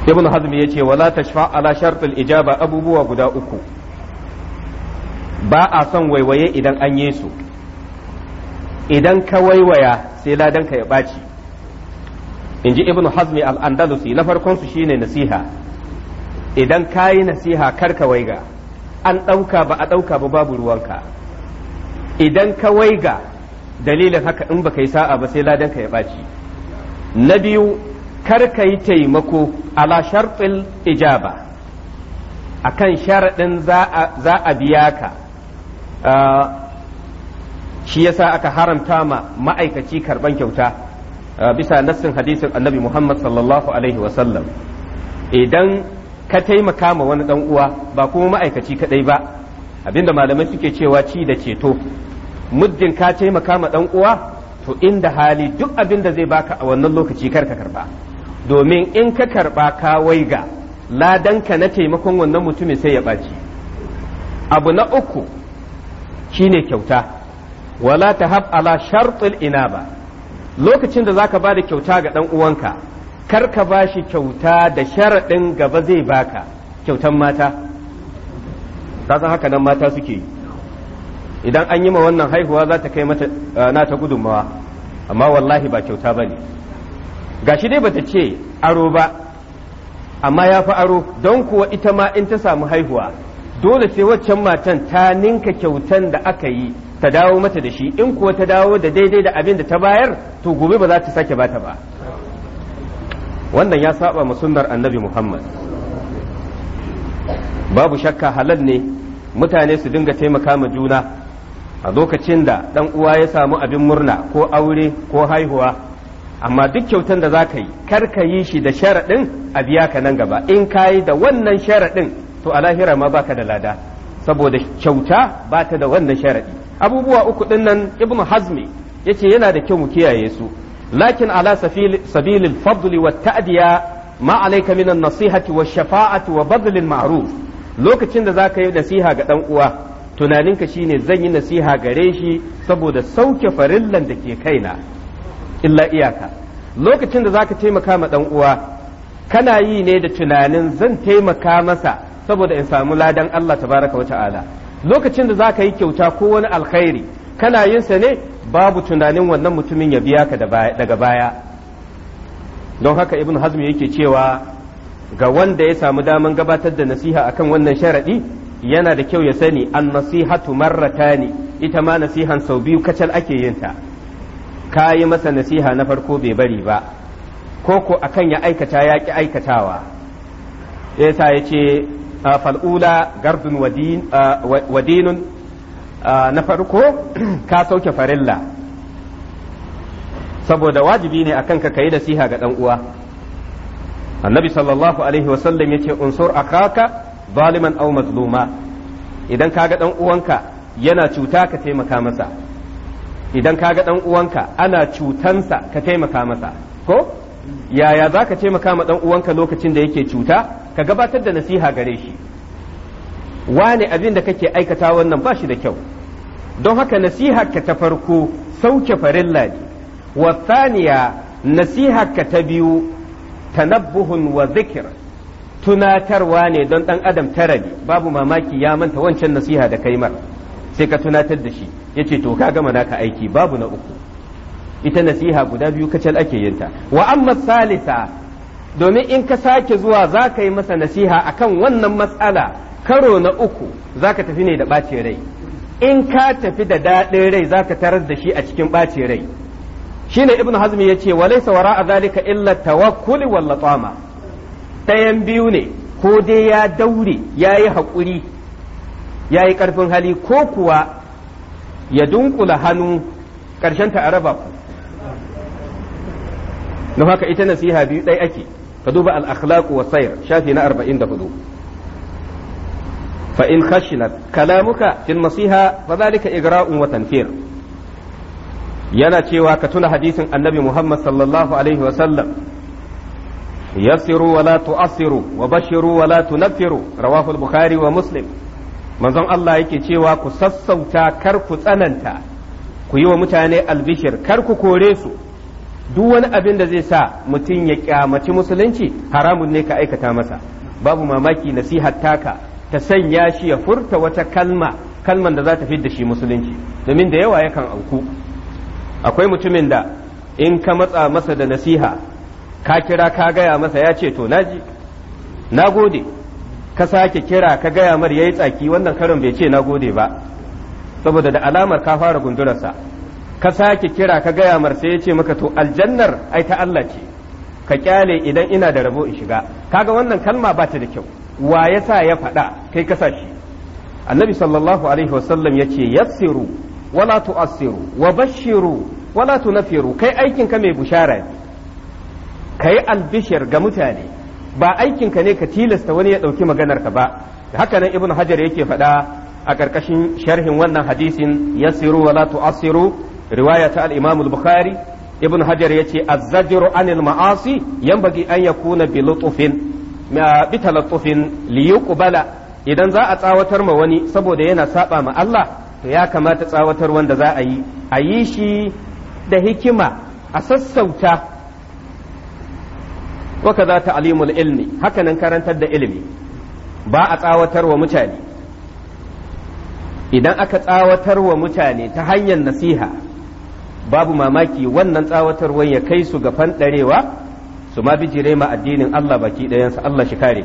ibn al-Hazmi ya ce wala tashfa ala shartul ijaba abubuwa guda uku ba a son waiwaye idan an yi su idan ka waiwaya sai ladanka ya ɓaci in ji ibn hazmi al-andalusi na farkon su shine nasiha idan ka yi nasiha kar ka waiga an ɗauka ba a ɗauka ba babu ruwanka idan ka waiga dalilin haka in baka yi sa'a ba sai ladan ka ya ɓaci na biyu kar ka yi taimako ala sharɗin ijaba akan sharaɗin za a biya ka ah, shi yasa aka haramta ma ma'aikaci karɓan kyauta ah, bisa nassin hadisin annabi muhammad sallallahu alaihi wasallam idan ka taimaka ma wani dan uwa ba kuma ma'aikaci kadai ba abinda malamai suke cewa ci da ceto muddin ka taimaka ma dan uwa to inda hali duk abinda zai baka a wannan lokaci kar ka karba domin in ka karba ka waiga ladanka na taimakon wannan mutumin sai ya ɓaci abu na uku shine kyauta wala ta tahab ala shartul inaba lokacin da zaka bada kyauta ga dan uwanka kar ka ba shi kyauta da sharaɗin gaba zai baka kyautan mata ta san haka nan mata suke yi idan an yi ma wannan haihuwa za ta kai mata ta gudunmawa amma wallahi ba kyauta ba ne shi dai bata ce aro ba amma ya fi aro don kuwa ita ma in ta samu haihuwa dole sai waccan matan ta ninka kyautan da aka yi ta dawo mata da shi in kuwa ta dawo da daidai da abin da ta bayar to gobe ba za ta sake bata ba wannan ya saba ma sunnar annabi muhammad babu shakka halal ne mutane su dinga taimaka ma juna a lokacin da dan uwa ya samu abin murna ko aure ko haihuwa amma duk kyautan da zaka yi kar ka yi shi da sharaɗin a biya ka nan gaba in ka yi da wannan sharaɗin to a lahira ma baka da lada saboda kyauta ba ta da wannan sharaɗi abubuwa uku ɗin nan ibnu hazmi yace yana da kyau mu kiyaye su lakin ala sabilil fadli wa ta'diya ma alayka min an-nasihati wa shafa'ati wa badlil ma'ruf lokacin da za ka yi nasiha ga ɗan uwa tunaninka shine zan yi nasiha gare shi saboda sauke farillan da ke kaina illa iyaka lokacin da zaka taimaka ma ɗan uwa kana yi ne da tunanin zan taimaka masa saboda in samu ladan Allah tabaraka wa lokacin da zaka yi kyauta ko wani alkhairi kana yin sa ne babu tunanin wannan mutumin ya biya ka daga baya don haka ibn hazm yake cewa ga wanda ya samu daman gabatar da nasiha akan wannan sharaɗi yana da kyau ya sani an nasihatu marratani ita ma nasihan sau biyu kacal ake yinta. ta ka yi masa nasiha na farko bai bari ba ko ko akan ya aikata ya ki aikatawa yasa ya ce fal'ula gardun wadinun Ah, na farko [clears throat] ka sauke farilla saboda wajibi ne akan ka yi nasiha ga dan uwa annabi sallallahu alaihi wasallam yace unsur akaka zaliman aw mazluma idan ka ga dan uwanka yana cuta ka taimaka masa idan ka ga dan uwanka ana cutansa ka taimaka masa ko yaya za ka taimaka ma dan uwanka lokacin da yake cuta ka gabatar da nasiha gare shi wane abin da kake aikata wannan ba shi da kyau don haka nasiharka ta farko sauke farilla ne wasaniya ka ta biyu tanabbuhun wa zikir tunatarwa ne don ɗan adam tara ne babu mamaki ya manta wancan nasiha da kai mar sai ka tunatar da shi ya ce to ka gama naka aiki babu na uku ita nasiha guda biyu kacal ake yinta wa amma salisa domin in ka sake zuwa za ka yi masa nasiha akan wannan matsala karo na uku zaka tafi ne da ɓacin rai in ka tafi da daɗin rai zaka tarar da shi a cikin ɓacin rai shine ibnu hazmi yace walaysa wara'a zalika illa tawakkul wal latama Tayan biyu ne ko dai ya daure yayi haƙuri yayi ƙarfin hali ko kuwa ya dunkula hannu ƙarshen ta araba ku Na haka ita nasiha biyu ɗai ake ka duba al-akhlaq wa sayr shafi na 44 fa in khashinat kalamuka fil nasiha fa zalika igra'un wa tanfir yana cewa ka tuna hadisin annabi Muhammad sallallahu alaihi wa sallam yassiru wa la tu'assiru wa bashiru wala la tunaffiru rawahu al-bukhari wa muslim manzon Allah yake cewa ku sassauta kar ku tsananta ku yi wa mutane albishir kar ku kore su duk wani abin da zai sa mutum ya kyamaci musulunci haramun ne ka aikata masa babu mamaki nasihar taka ka sanya shi ya furta wata kalma kalman da za ta fi da shi musulunci domin da yawa yakan auku akwai mutumin da in ka matsa masa da nasiha ka kira ka gaya masa ya ce to naji na gode ka sake kira ka gaya mar yayi tsaki wannan karin bai ce na gode ba saboda da alamar ka fara gundurarsa ka sake kira ka gaya mar sai ya ce maka to aljannar ai ta Allah ce ka kyale idan ina da rabo in shiga kaga wannan kalma ba ta da kyau wa ya sa ya faɗa kai kasashe? shi annabi sallallahu alaihi wasallam ya ce yassiru wala tu'assiru wa bashiru wala tunafiru kai aikin ka mai bushara ne kai albishir ga mutane ba aikin ka ne ka tilasta wani ya ɗauki maganar ka ba haka nan ibnu hajar yake faɗa a ƙarƙashin sharhin wannan hadisin yassiru wala tu'assiru riwaya ta al-imam al-bukhari ibnu hajar yace az-zajru anil ma'asi yanbaghi an yakuna bi lutfin bi talattufin li yuqbala idan za a tsawatar ma wani saboda yana saba ma Allah to ya kamata tsawatar wanda za a yi a yi shi da hikima a sassauta wa kaza ta'limul ilmi hakanan karantar da ilimi ba a tsawatar wa mutane idan aka tsawatar wa mutane ta hanyar nasiha babu mamaki wannan wani ya kai su ga fanɗarewa su ma bijire ma addinin Allah baki ɗayansa Allah shi kare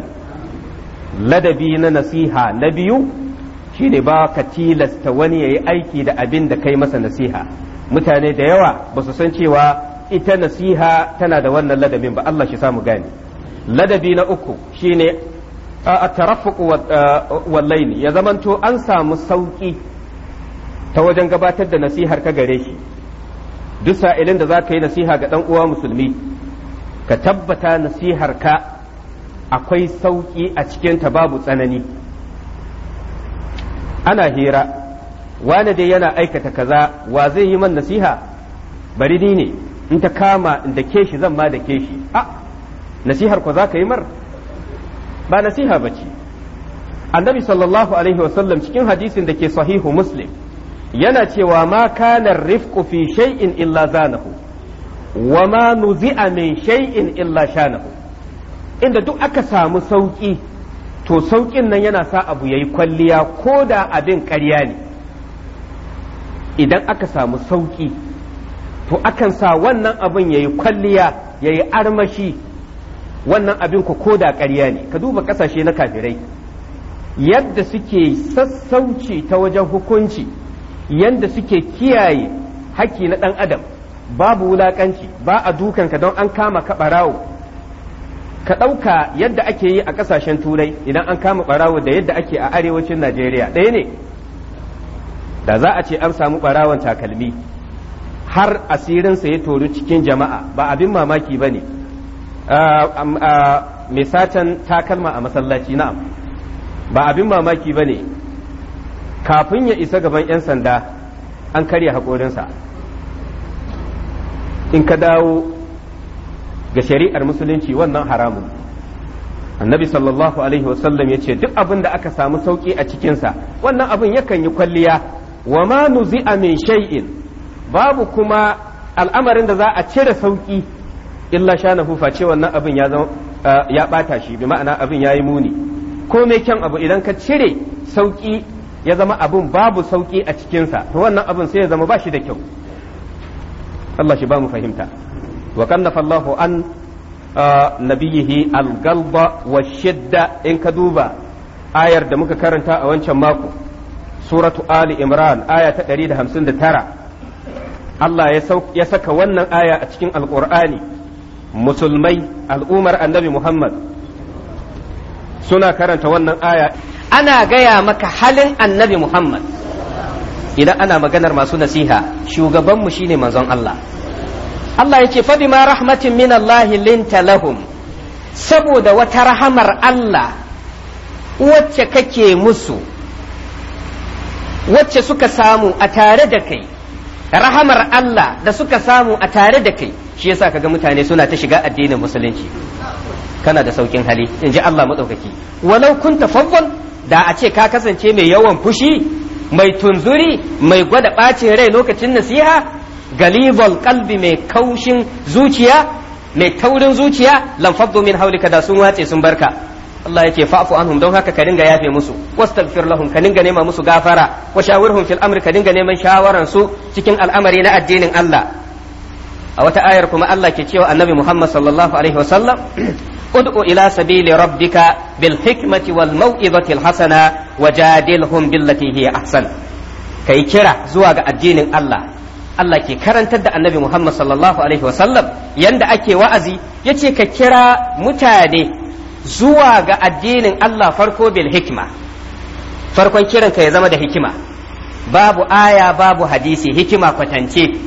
ladabi na nasiha na biyu shine ba ka tilasta wani ya yi aiki da abin da kai masa nasiha mutane da yawa ba su san cewa ita nasiha tana da wannan ladabin ba Allah shi samu gane ladabi na uku shi ne a tarafuku wallaini ya zamanto an samu sauki ta wajen gabatar da nasihar ka gare shi duk sa'ilin da za ka yi nasiha ga ɗan uwa musulmi ka tabbata nasihar ka akwai sauƙi a cikinta babu tsanani ana hira wane dai yana aikata kaza wa zai yi man nasiha bari ni ne in ta kama da ke shi zan ma da ke shi a ah, nasihar ku za ka yi mar ba nasiha ba ce annabi sallallahu alaihi wasallam cikin hadisin da ke sahihu muslim yana cewa ma kanar rifku fi shay'in illa zanahu wa ma nuzi'a min shay'in illa shanahu inda duk aka samu sauki to saukin nan yana sa abu yayi kwalliya ko da abin ƙarya ne idan aka samu sauki to akan sa wannan abin yayi kwalliya yayi armashi wannan abin ko da ƙarya ne ka duba ƙasashe na kafirai yadda suke sassauci ta wajen hukunci yadda suke kiyaye haƙƙi na ɗan adam babu wulakanci ba a dukanka don an kama ka barawo ka ɗauka yadda ake yi a ƙasashen turai idan an kama barawo da yadda ake a arewacin najeriya ɗaya ne da za a ce an samu barawon takalmi har asirinsa ya toru cikin jama'a ba abin mamaki ba ne ah, ah, mai satan takalma a masallaci na'am ba abin mamaki ba ne kafin ya isa gaban 'yan sanda an karya haƙorinsa in ka dawo ga shari'ar musulunci wannan haramun annabi sallallahu alaihi wasallam ya ce duk abin da aka samu sauki a cikinsa wannan abin yakan yi kwalliya wa ma nuzi'a min shay'in babu kuma al'amarin da za a cire sauki illa hufa ce wannan abin ya eh, ya bata shi bi ma'ana abin yayi muni komai kyan abu idan ka cire sauki ya zama abin babu sauki a cikinsa to wannan abin sai ya zama ba shi da kyau Allah shi ba mu fahimta wa kannafa Allah an ah, al-galba wa shidda in ka duba ayar da muka karanta a wancan mako suratu ali imran aya ta 159 Allah ya saka wannan aya a cikin alqur'ani musulmai al'umar annabi Muhammad suna karanta wannan aya ana gaya maka halin annabi Muhammad idan ana maganar masu nasiha shugabanmu shine manzon Allah Allah ya ce fabi ma rahmatin min Allah linta lahum saboda wata rahamar Allah wacce kake musu wacce suka samu a tare da kai rahamar Allah da suka samu a tare da kai shi yasa kaga mutane suna ta shiga addinin musulunci kana da saukin hali in ji Allah maɗaukaki walau kunta fadwan da a ce ka kasance mai yawan fushi mai tunzuri mai gwada ɓace rai lokacin nasiha galibal kalbi mai kaushin zuciya mai taurin zuciya lamfaddu min haulika da sun watse sun barka Allah yake fa'fu anhum don haka ka dinga yafe musu wastaghfir lahum ka dinga nema musu gafara wa shawirhum fil amri ka dinga neman shawaran su cikin al'amari na addinin Allah a wata ayar kuma Allah ke cewa Annabi Muhammad sallallahu alaihi sallam. ud'u ila sabili rabbika bil hikmati wal mau'izati Hassana hasana wajadilhum billati hiya ahsan kai kira zuwa ga addinin Allah Allah ke karantar da annabi Muhammad sallallahu alaihi wasallam yanda ake wa'azi yace ka kira mutane zuwa ga addinin Allah farko bil hikma farkon kiran ka ya zama da hikima babu aya babu hadisi hikima kwatance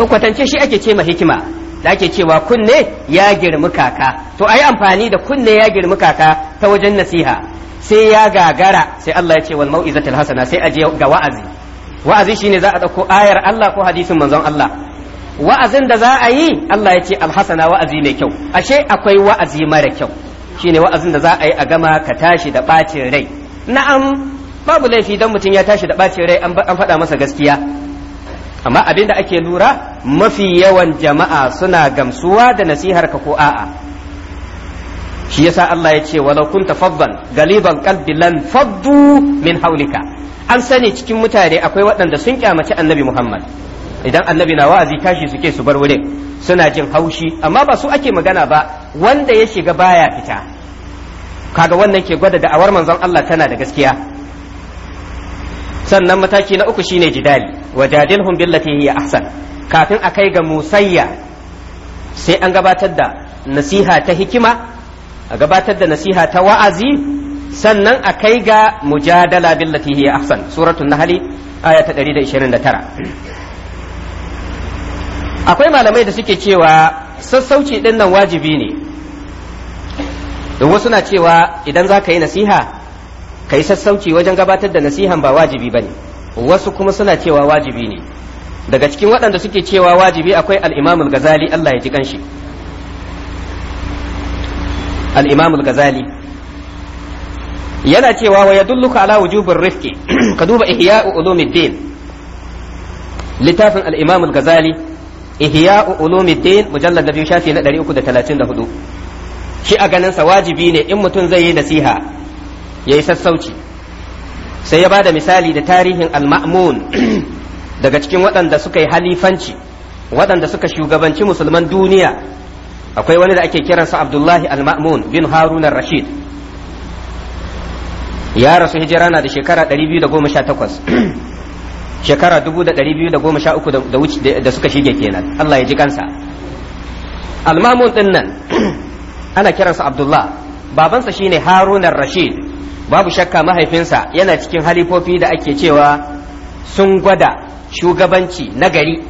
kwatance shi ake ce ma hikima da ake cewa kunne ya girmi kaka to yi amfani da kunne ya girmi kaka ta wajen nasiha sai ya gagara sai Allah ya ce wal mau'izatul hasana sai aje ga wa'azi wa'azi shine za a dauko ayar Allah ko hadisin manzon Allah wa'azin da za a yi Allah ya ce al alhasana wa'azi mai kyau ashe akwai wa'azi mara kyau shine wa'azin da za a yi a gama ka tashi da bacin rai na'am babu laifi dan mutum ya tashi da bacin rai an faɗa masa gaskiya amma abin da ake lura mafi yawan jama'a suna gamsuwa da nasihar ka ko a'a shi yasa Allah ya ce walau kunta faddan galiban qalbi lan faddu min haulika an sani cikin mutane akwai waɗanda sun kyamaci annabi Muhammad idan annabi na wa'azi tashi suke su bar wurin suna jin haushi amma ba su ake magana ba wanda ya shiga baya fita kaga wannan ke gwada da awar manzon Allah tana da gaskiya sannan mataki na uku shine jidali wajadilhum billati hiya ahsan kafin a kai ga musayya sai an gabatar da nasiha ta hikima a gabatar da nasiha ta wa'azi sannan a kai ga mujadala billati hiya ahsan suratul nahli aya 129 akwai malamai da suke cewa sassauci din nan wajibi ne don wasu na cewa idan za ka yi nasiha ka yi sassauci wajen gabatar da nasihan ba wajibi ba ne wasu kuma suna cewa wajibi ne daga cikin waɗanda suke cewa wajibi akwai al-imam ghazali Allah ya ji kanshi al-imam ghazali yana cewa wa yadulluka ala wujubin Rifki [clears throat] ka duba ihya'u ulumuddin littafin al-imam ghazali ihya'u ulumuddin mujallad da biyu shafi na 334 shi a ganin sa wajibi ne in mutum zai yi nasiha yayi sassauci sai ya ba da misali da tarihin al-ma'mun [clears throat] daga cikin waɗanda suka yi halifanci waɗanda suka shugabanci musulman duniya akwai wani da ake kiransa abdullahi al-ma'mun bin harun rashid ya rasu hijira na da shekara 218 [clears throat] shekara 1213 da suka shige kenan Allah ya ji kansa almamun din nan [clears throat] ana kiransa abdullah babansa shine Harunar rashid babu shakka mahaifinsa yana cikin halifofi da ake cewa sun gwada shugabanci na gari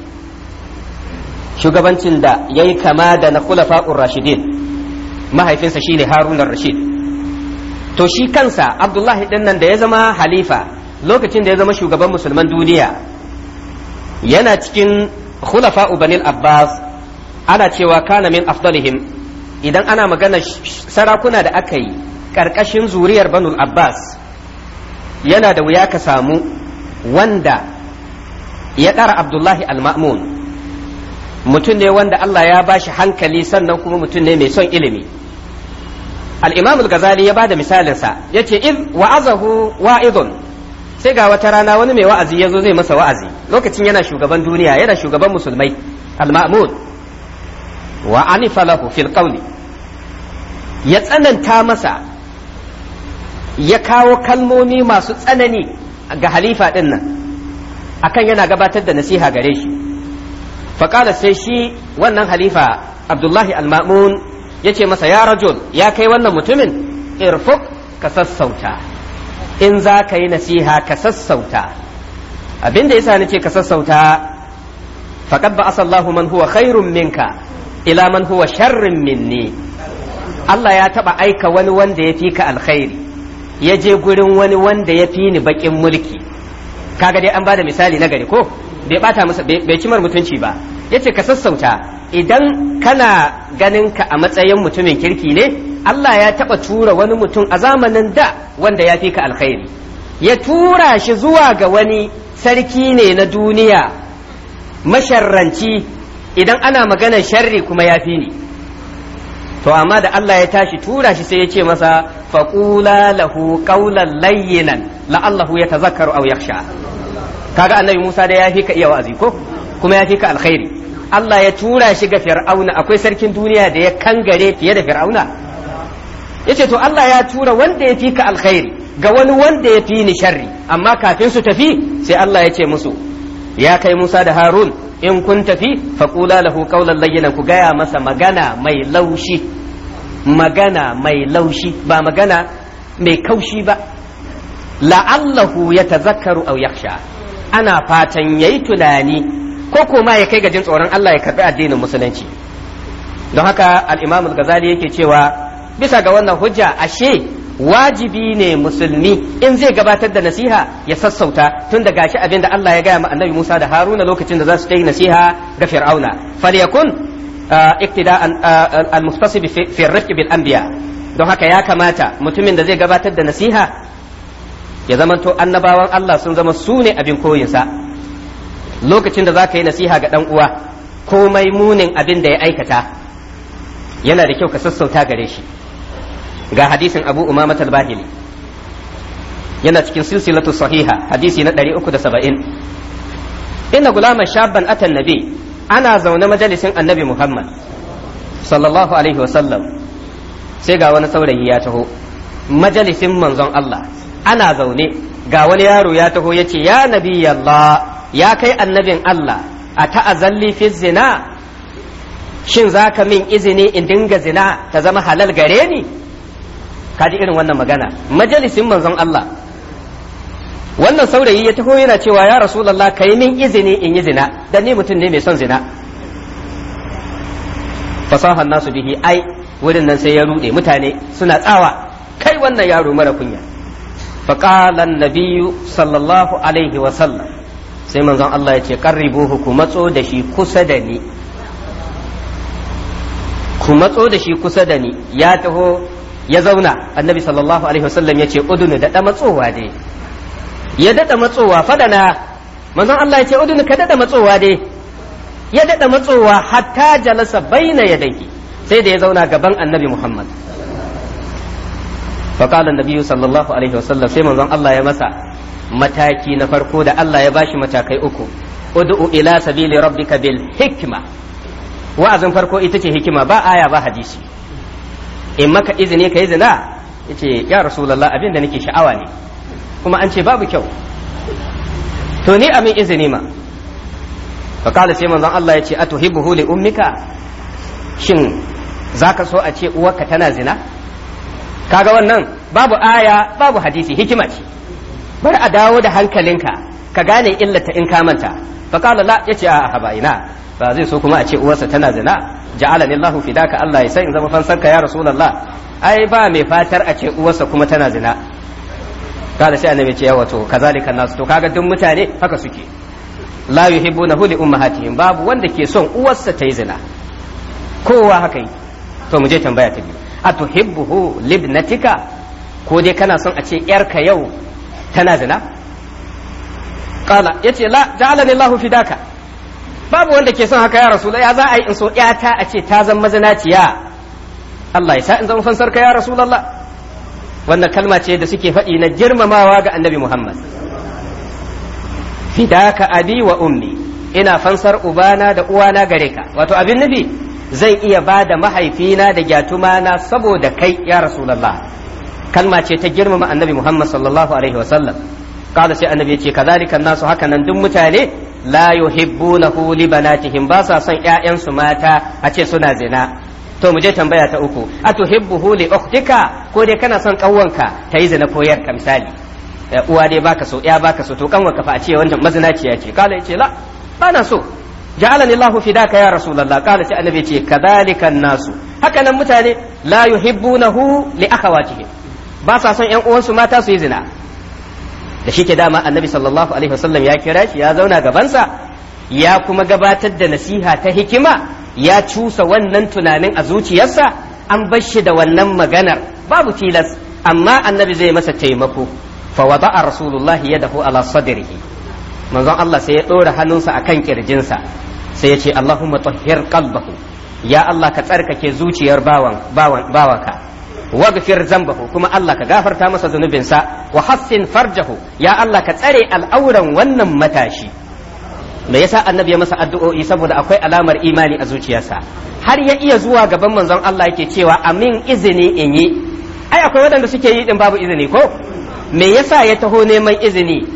shugabancin da ya yi kama da na kula kulafa'ur rashidin mahaifinsa shine harunar rashid to shi kansa abdullahi ɗannan da ya zama halifa lokacin da ya zama shugaban musulman duniya yana cikin khulafa'u banil abbas ana cewa kana min afdalihim idan ana magana sarakuna da aka yi ƙarƙashin zuriyar banul abbas yana da wuya ka samu wanda ya ɗara abdullahi al-ma'mun mutum ne wanda allah ya ba shi hankali sannan kuma mutum ne mai son ilimi al-imam al-ghazali ya ba da misalinsa ya ce iz wa'azahu wa'idun sai ga wata rana wani mai wa'azi ya zo zai masa wa'azi lokacin yana shugaban duniya yana shugaban musulmai al-ma'mun wa anifa lahu fil qawli ya tsananta masa ya kawo kalmomi masu tsanani ga halifa ɗin nan akan yana gabatar da nasiha gare shi faƙala sai shi wannan halifa abdullahi al-ma'mun ya ce masa ya rajul ya kai wannan mutumin irfuk ka sassauta in za ka yi nasiha ka sassauta abinda yasa nace ka sassauta faqad ba'asa man huwa khairun minka ila man huwa sharrin minni Allah ya taɓa aika wani wanda ya fi ka alkhairi ya je gurin wani wanda ya fi ni bakin mulki kaga dai an bada misali na gari ko bai bata masa bai cimar mutunci ba yace ka sassauta idan kana ganin ka a matsayin mutumin kirki ne Allah ya taba tura wani mutum a zamanin da wanda ya fi ka alkhairi ya tura shi zuwa ga wani sarki ne na duniya masharranci idan ana maganar sharri kuma ya fi ni to amma da Allah ya tashi tura shi sai ya ce masa faƙula lahu ƙaunar layyinan la'allahu ya tazakkaru aw kaga annabi Musa da ya fi ka iya wa'azi ko kuma ya fi ka alkhairi Allah ya tura shi ga fir'auna akwai sarkin duniya da ya kangare fiye da fir'auna yace to Allah ya tura wanda ya fi ka alkhairi ga wani wanda ya fi ni sharri amma kafin su tafi sai Allah ya ce musu ya kai Musa da Harun in kun tafi faƙula lahu ƙaunar layyinan ku gaya masa magana mai laushi magana mai laushi ba magana mai kaushi ba la'allahu ya tazakaru aw yakhsha ana fatan ya yi tunani ko kuma ya kai gajin tsoron Allah ya karɓi addinin musulunci don haka alimamul gazali al yake cewa bisa ga wannan hujja ashe wajibi ne musulmi in zai gabatar da nasiha ya sassauta tun da gashi abin da Allah ya gaya ma annabi Musa da Haruna lokacin da za su yi nasiha ga Fir'auna falyakun iktida al-muftasib fi rifq bil anbiya don haka ya kamata mutumin da zai gabatar da nasiha ya zamanto annabawan Allah sun zama su abin koyinsa lokacin da zaka yi nasiha ga dan uwa komai munin abin da ya aikata yana da kyau ka sassauta gare shi ga hadisin Abu Umama Talbahiri yana cikin silsilatu sahiha hadisi na 370 inna gulama shabban atan nabi ana zaune majalisin annabi muhammad sallallahu alaihi wasallam sai ga wani saurayi ya taho majalisin manzon allah ana zaune ga wani yaro ya taho ya ce ya nabi allah ya kai annabin allah a ta'azalli fi zina shin za ka min izini in dinga zina ta zama halal gare ni ji irin wannan magana majalisin manzon allah wannan saurayi ya taho yana cewa ya rasulullah kai min izini in yi zina dan ni mutum ne mai son zina fasahan nasu bihi ai wurin nan sai ya rude mutane suna tsawa kai wannan yaro mara kunya فقال النبي sallallahu alaihi wa sallam sai manzon Allah ya ce karribuhu ku matso da shi kusa da ni ku matso da shi kusa da ni ya taho ya zauna annabi sallallahu alaihi wa sallam ya ce udunu da da matsowa dai ya daɗa matsowa fadana manzon Allah ya ce udun ka dada matsowa dai ya daɗa matsowa hatta jalasa baina danki sai da ya zauna gaban annabi Muhammad فقال النبي صلى الله عليه وسلم سيما زن الله يا مسا متاكي نفرقو دا الله يا matakai uku, أكو ادعو sabili سبيل ربك بالحكمة wa'azin farko ita ce hikima ba aya ba hadisi in maka izini ka izina ya ce ya rasulallah abin da nake sha'awa ne kuma an ce babu kyau to ni amin izini ma fa kala sai manzon Allah ya ce atuhibbuhu li ummika shin zaka so a ce uwarka tana zina kaga wannan babu aya babu hadisi hikima ce bari a dawo da hankalinka ka gane illata in ka manta fa kala la yace a haba ba zai so kuma a ce uwarsa tana zina ja'alani Allah fidaka Allah ya sai in zama fansarka ya rasulullah ai ba mai fatar a ce uwarsa kuma tana zina kada sai annabi ce wato kazalika nasu to kaga duk mutane haka suke la yuhibbunahu li ummahatihim babu wanda ke son uwarsa ta yi zina kowa haka yi to mu je tambaya ta to biyu atuhibbuhu libnatika ko dai kana son a ce ka yau tana zina qala yace la ja'alani Allahu fidaka babu wanda ke son haka ya rasulullah ya za a yi in so yata a ce ta zan mazanaciya? Allah ya sa in zama fansar ka ya rasulullah wannan kalma ce da suke faɗi na girmamawa ga annabi Muhammad fidaka abi wa ummi ina fansar ubana da uwana gare ka wato abin nufi zan iya ba da mahaifina da gyatumana saboda kai ya rasulullah kalma ce ta girmama annabi Muhammad sallallahu alaihi wasallam nasu hakanan duk mutane كذلك الناس هكذا دم متاني لا يحبونه لبناتهم باسا son ƴaƴansu mata a ce suna zina to mu je tambaya ta uku a tuhibbuhu li ukhtika ko dai kana son kanwanka ta yi zina ko ka misali eh, uwa dai baka so ya baka so to kanwanka fa a ce wannan mazinaciya ce kala yace la ana so ja'alani Allah daka ya rasulullah kala ce annabi ce kadhalika nasu haka nan mutane la yuhibbunahu li akhawatihi ba sa son ƴan uwansu mata su yi zina da shi ke dama annabi sallallahu alaihi wasallam ya kira shi ya zauna gabansa ya kuma gabatar da nasiha ta hikima ya cusa wannan tunanin a zuciyarsa an bar shi da wannan maganar babu tilas amma annabi zai masa taimako fa a rasulullahi dahu ala sadrihi manzon Allah sai ya dora hannunsa akan kirjinsa sai ya ce Allahumma tahhir qalbahu ya Allah ka tsarkake zuciyar bawan bawan bawaka waghfir zambahu kuma Allah ka gafarta masa zunubinsa wa hassin farjahu ya Allah ka tsare al'auran wannan matashi me yasa annabi ya masa addu'o'i saboda akwai alamar imani a zuciyarsa har ya iya zuwa gaban manzon Allah yake cewa amin izini in yi ai akwai waɗanda suke yi din babu izini ko me yasa ya taho neman izini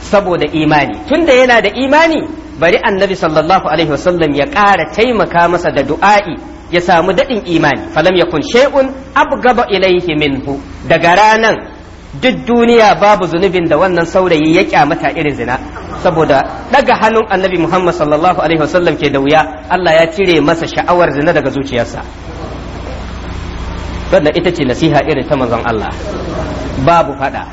saboda imani tunda yana da imani bari annabi sallallahu alaihi wasallam ya ƙara taimaka masa da du'a'i ya samu daɗin imani falam yakun shay'un abgaba ilaihi minhu daga ranan duk duniya babu zunubin da wannan saurayi ya kyamata irin zina saboda daga hannun annabi Muhammad sallallahu alaihi wasallam ke da wuya Allah ya cire masa sha'awar zina daga zuciyarsa wannan ita ce nasiha irin ta manzon Allah babu fada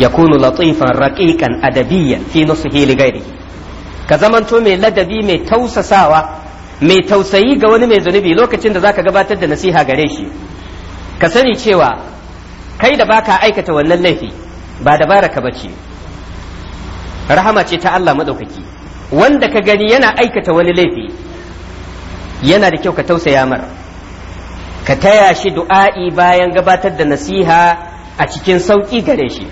yakunu latifan raqiqan adabiyyan fi nusuhi li ghairihi ka zamanto mai ladabi mai tausasawa mai tausayi ga wani mai zunubi lokacin da zaka gabatar da nasiha gare shi ka sani cewa kai da baka aikata wannan laifi ba dabara ka bace rahama ce ta Allah madaukaki wanda ka gani yana aikata wani laifi yana da kyau ka tausaya mar ka taya shi du'a'i bayan gabatar da nasiha a cikin sauƙi gare shi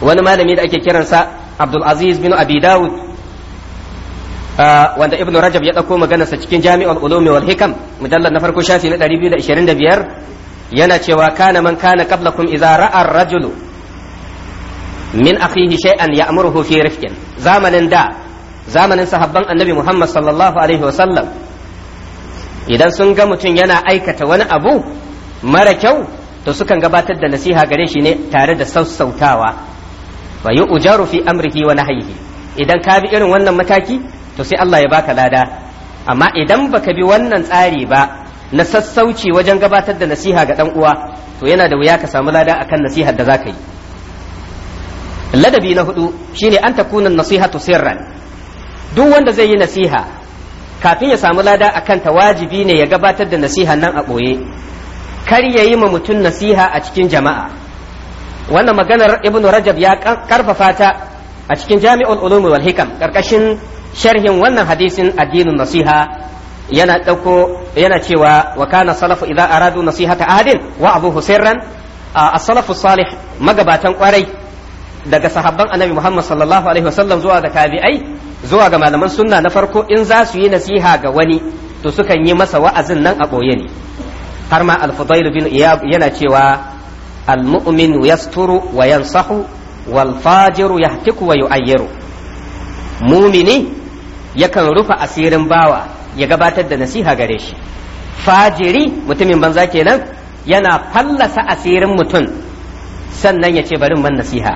wani malami da ake kiransa Abdulaziz bin Abi Dawud wanda Ibn Rajab ya ɗauko maganarsa cikin Jami'ul Ulumi wal Hikam mujallar na farko shafi na 225 yana cewa kana man kana qablakum idza ra'a ar-rajulu min akhihi shay'an ya'muruhu fi rifqin zamanin da zamanin sahabban annabi Muhammad sallallahu alaihi wa sallam idan sun ga mutum yana aikata wani abu mara kyau to sukan gabatar da nasiha gare shi ne tare da sassautawa wa yu'jaru fi amrihi wa nahyihi idan ka bi irin wannan mataki to sai Allah ya baka lada amma idan baka bi wannan tsari ba na sassauci wajen gabatar da nasiha ga dan uwa to yana da wuya ka samu lada akan nasihar da zaka yi ladabi na hudu shine an takuna nasihatu sirran duk wanda zai yi nasiha kafin ya samu lada akan ta wajibi ne ya gabatar da nasiha nan a boye kar ya yi ma mutum nasiha a cikin jama'a wannan maganar ibnu rajab ya karfafa ta a cikin jami'ul ulumi wal hikam karkashin sharhin wannan hadisin addinin nasiha yana ɗauko yana cewa wa kana salafu idan aradu nasihata ahadin wa abu sirran a salafu salih magabatan kwarai daga sahabban annabi muhammad sallallahu alaihi wasallam zuwa ga tabi'ai zuwa ga malaman sunna na farko in za su yi nasiha ga wani to sukan yi masa wa'azin nan a ɓoye ne har ma al-fudail bin iyab yana cewa al-mu'min yasturu wa yansahu wal fajiru yahtiku wa yu'ayyiru mumini yakan rufe asirin bawa ya gabatar da nasiha gare shi fajiri mutumin banza kenan yana fallasa asirin mutum sannan ya ce bari man nasiha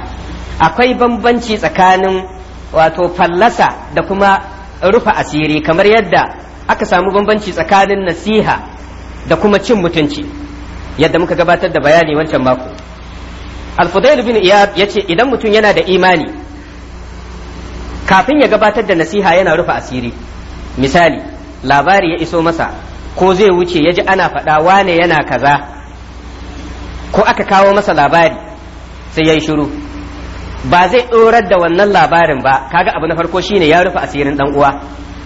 akwai bambanci tsakanin wato fallasa da kuma rufa asiri kamar yadda aka samu bambanci tsakanin nasiha da kuma cin mutunci yadda muka gabatar da bayani wancan mako al fudayl bin iyab yace idan mutum yana da imani kafin ya gabatar da nasiha yana rufa asiri misali labari ya iso masa ko zai wuce ya ji ana faɗa wane yana kaza ko aka kawo masa labari sai ya yi shiru ba zai ɗorar da wannan labarin ba kaga abu na farko shine ya rufe asirin dan uwa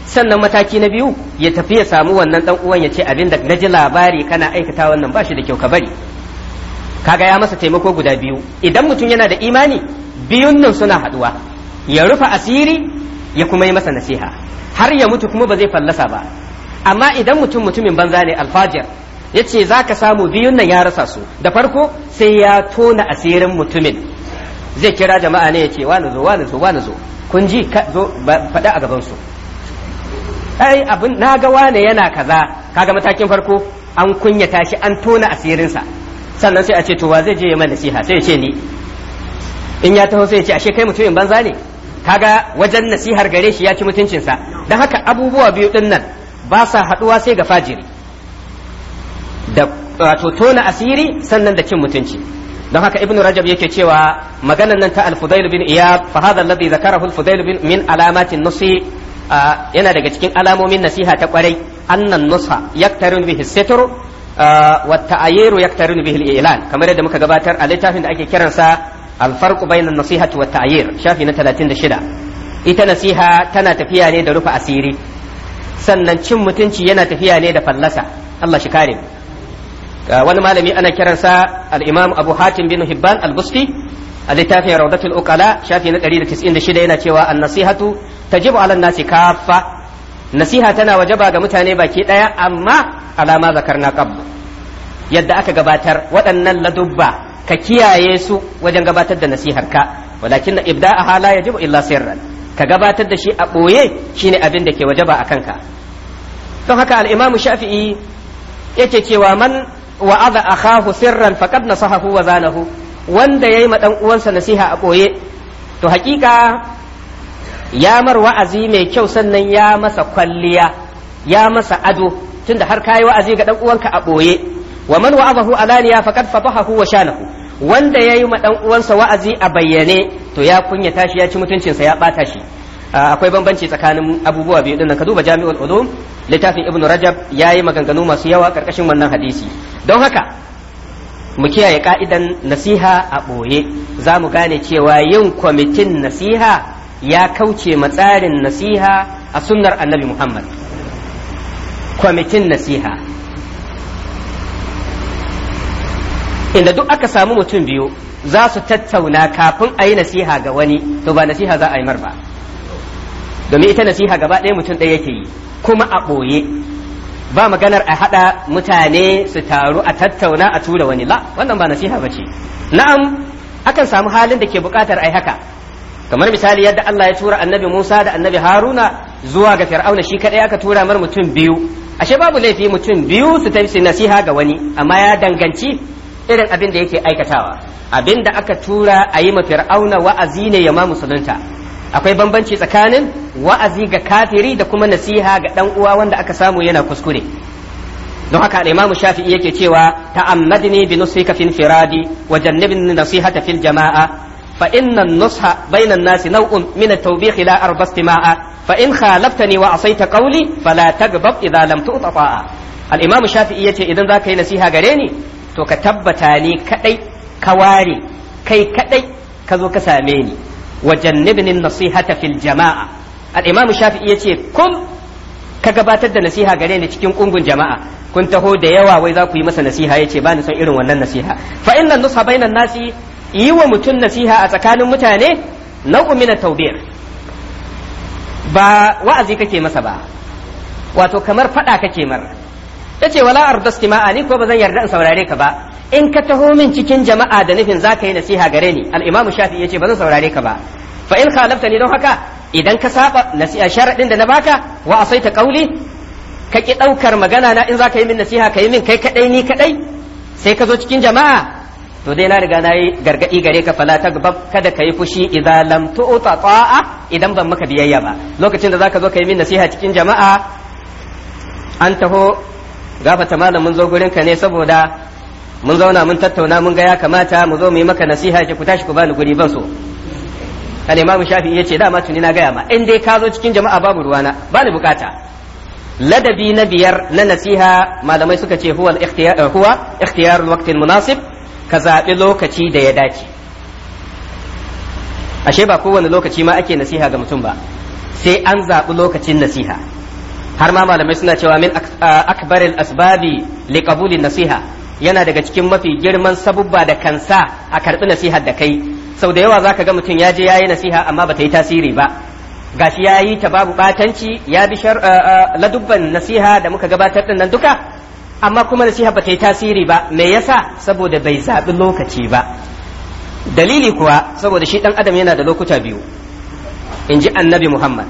sannan mataki na biyu ya tafi ya samu wannan dan uwan ya ce abin da na ji labari kana aikata wannan ba shi da kyau ka bari kaga ya masa taimako guda biyu idan mutum yana da imani biyun nan suna haɗuwa ya rufe asiri ya kuma yi masa nasiha har ya mutu kuma ba zai fallasa ba amma idan mutum mutumin banza ne alfajir ya ce za ka samu biyun nan ya rasa su da farko sai ya tona asirin mutumin zai kira jama'a ne ya ce wani zo wani zo wani zo kun ji zo a gabansu ai abin na ga wane yana kaza kaga matakin farko an kunyata shi an tona asirinsa sannan sai a ce to zai je ya mai nasiha sai ya ce ni in ya taho sai ya ce ashe kai mutumin banza ne kaga wajen nasihar gare shi ya ci mutuncinsa da haka abubuwa biyu din nan ba sa haɗuwa sai ga fajiri da wato tona asiri sannan da cin mutunci don haka ibnu rajab yake cewa maganan nan ta al-fudail bin iyab fa hadha alladhi zakarahu al-fudail bin min alamatin nusi yana daga cikin alamomin nasiha ta kwarai annan nusa yaktarun bihi sitr wa ta'ayiru yaktarun bihi al-i'lan kamar yadda muka gabatar a littafin da ake kiransa al-farqu bainan nasihati wa ta'ayir shafi na 36 ita nasiha tana tafiya ne da rufe asiri sannan cin mutunci yana tafiya ne da fallasa Allah shi kare wani malami ana kiransa al-Imam Abu Hatim bin Hibban al-Busti a littafin Rawdatul Uqala shafi na 196 yana cewa an-nasihatu tajibu 'ala an-nasi kaffa nasiha tana wajaba ga mutane baki daya amma alama zakarna qabl yadda aka gabatar waɗannan ladubba ka kiyaye su wajen gabatar da nasihar ka walakin ibda'aha la yajibu illa sirran ka gabatar da shi a ɓoye shine abin da ke wajaba a kanka don haka al'imamu shafi'i yake cewa man wa'aza akahu sirran faqad nasahahu wa zanahu wanda yayi ma dan uwansa nasiha a ɓoye to hakika ya mar wa'azi mai kyau sannan ya masa kwalliya ya masa ado tunda har kayi wa'azi ga dan uwanka a ɓoye wa man wa'azahu alaniya faqad fatahahu wa shanahu wanda ya yi ma ɗan uwansa wa'azi a bayyane to ya kunya tashi ya ci mutuncinsa ya ɓata shi ah, akwai bambanci tsakanin abubuwa biyu dinnan ka duba jami'ul ulum littafin ibnu rajab ya yi maganganu masu yawa karkashin wannan hadisi don haka mu kiyaye ƙa'idan nasiha a ɓoye za mu gane cewa yin kwamitin nasiha ya kauce matsarin nasiha a sunnar annabi muhammad kwamitin nasiha inda duk aka samu mutum biyu za su tattauna kafin a yi nasiha ga wani to ba nasiha za a yi mar ba domin ita nasiha gaba ɗaya mutum ɗaya yake yi kuma a ɓoye ba maganar a haɗa mutane su taru a tattauna a tura wani la wannan ba nasiha ba ce na'am akan samu halin da ke buƙatar ai haka kamar misali yadda Allah ya tura annabi Musa da annabi Haruna zuwa ga Fir'auna shi kaɗai aka tura mar mutum biyu ashe babu laifi mutum biyu su tafi nasiha ga wani amma ya danganci irin abin da yake aikatawa abin da aka tura a yi ma fir'auna wa'azi ne ya ma musulunta akwai bambanci tsakanin wa'azi ga kafiri da kuma nasiha ga dan uwa wanda aka samu yana kuskure don haka al-imamu shafi'i yake cewa ta'ammadni bi nusika fil firadi wa jannibni nasihata fil jama'a فإن النصح بين الناس نوع من التوبيخ لا أربى استماعا فإن خالفتني وعصيت قولي فلا تغضب إذا shafi'i ya ce idan الشافعي يتي yi nasiha نسيها غريني to ka tabbata ne kadai ka ware kai kadai ka zo ka same ni wa jannibni nasihata fil jama'a al-imam shafi'i yace kun ka gabatar da nasiha gare ni cikin kungun jama'a kun taho da yawa wai za ku yi masa nasiha yace ba ni son irin wannan nasiha fa inna nusha bainan nasi yi wa mutum nasiha a tsakanin mutane nau'u min tawbir ba wa'azi kake masa ba wato kamar fada kake masa. yace wala arda istima'a ni ko ba zan yarda in saurare ka ba in ka taho min cikin jama'a da nufin zaka yi nasiha gare ni al-imam ya yace ba zan saurare ka ba fa in khalaftani don haka idan ka saba nasiha sharadin da na baka wa asaita qawli ka ki daukar magana na in zaka yi min nasiha ka yi min kai kadai ni kadai sai ka zo cikin jama'a to dai na riga na yi gargadi gare ka fala ta gaba kada ka yi fushi idan lam tu'ta ta'a idan ban maka biyayya ba lokacin da zaka zo ka yi min nasiha cikin jama'a an taho gafata malam mun zo gurin ka ne saboda mun zauna mun tattauna mun ga ya kamata mu zo mu yi maka nasiha ki ku tashi ku bani guri ban so kan imamu shafi ya ce dama tuni na gaya ma in dai ka zo cikin jama'a babu ruwana ba ni bukata ladabi na biyar na nasiha malamai suka ce eh, huwa huwa ikhtiyar waqtin munasib ka zaɓi lokaci da ya dace ashe ba kowane lokaci ma ake nasiha ga mutum ba sai an zaɓi lokacin nasiha har ma malamai suna cewa min akbaril asbabi li qabuli nasiha yana daga cikin mafi girman sabubba da kansa a karbi nasiha da kai sau da yawa zaka ga mutum ya je yayi nasiha amma bata yi tasiri ba gashi yayi ta babu batanci ya bi ladubban nasiha da muka gabatar din nan duka amma kuma nasiha bata yi tasiri ba me yasa saboda bai zaɓi lokaci ba dalili kuwa saboda shi dan adam yana da lokuta biyu in ji annabi muhammad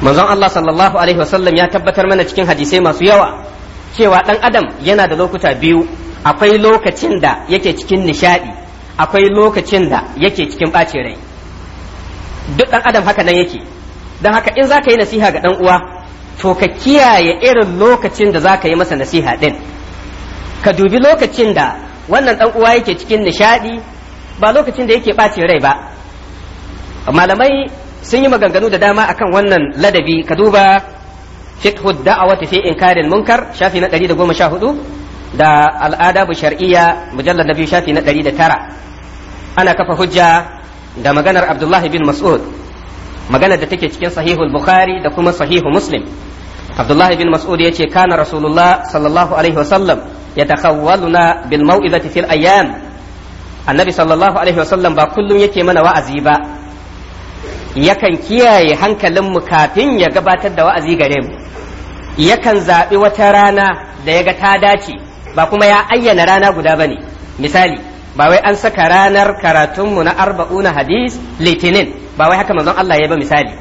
manzon Allah sallallahu alaihi wasallam ya tabbatar mana cikin hadisai masu yawa cewa dan adam yana da lokuta biyu akwai lokacin da yake cikin nishadi akwai lokacin da yake cikin bacin rai duk dan adam haka nan yake don haka in zaka yi nasiha ga dan uwa to ka kiyaye irin lokacin da zaka yi masa nasiha din ka dubi lokacin da wannan dan uwa yake cikin nishadi ba lokacin da yake bacin rai ba malamai sun yi maganganu da dama akan wannan ladabi ka duba fiqhu da'awati fi karin munkar shafi na 114 da al'adabu shar'iyya mujallad nabi shafi na 109 ana kafa hujja da maganar Abdullah bin Mas'ud maganar da take cikin sahihul Bukhari da kuma sahihu Muslim Abdullah bin Mas'ud yace kana Rasulullah sallallahu alaihi wasallam yatakhawwaluna bil mau'izati fil ayyam annabi sallallahu alaihi wasallam ba kullum yake mana wa'azi ba yakan kiyaye hankalinmu kafin ya gabatar da wa'azi gare mu yakan zaɓi wata rana da ya ga ta dace ba kuma ya ayyana rana guda ba ne misali ba wai an saka ranar karatunmu na arba'una hadis litinin ba wai haka manzon Allah ya ba misali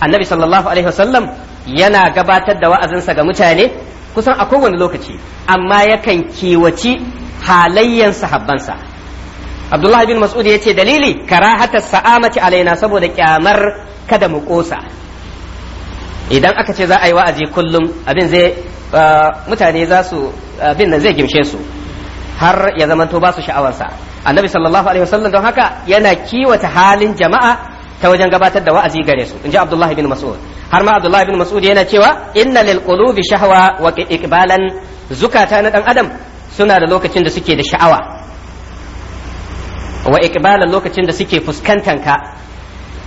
annabi sallallahu alaihi wasallam yana gabatar da wa'azinsa ga mutane kusan a kowane lokaci amma yakan kiwaci halayyan sahabbansa abdullahi bin mas'ud ya ce dalili karahata sa'amati alaina saboda kyamar kada mu kosa idan aka ce za a yi wa'azi kullum abin zai uh, mutane za su abin zai gimshe su har ya zamanto ba su sha'awarsa annabi sallallahu alaihi wasallam don haka yana kiwata halin jama'a ta wajen gabatar da wa'azi gare su inji abdullahi bin mas'ud har ma abdullahi bin mas'ud yana cewa inna lil qulubi shahwa wa iqbalan zukata na dan adam suna da lokacin da suke da sha'awa wa iqbalan lokacin da suke fuskantan ka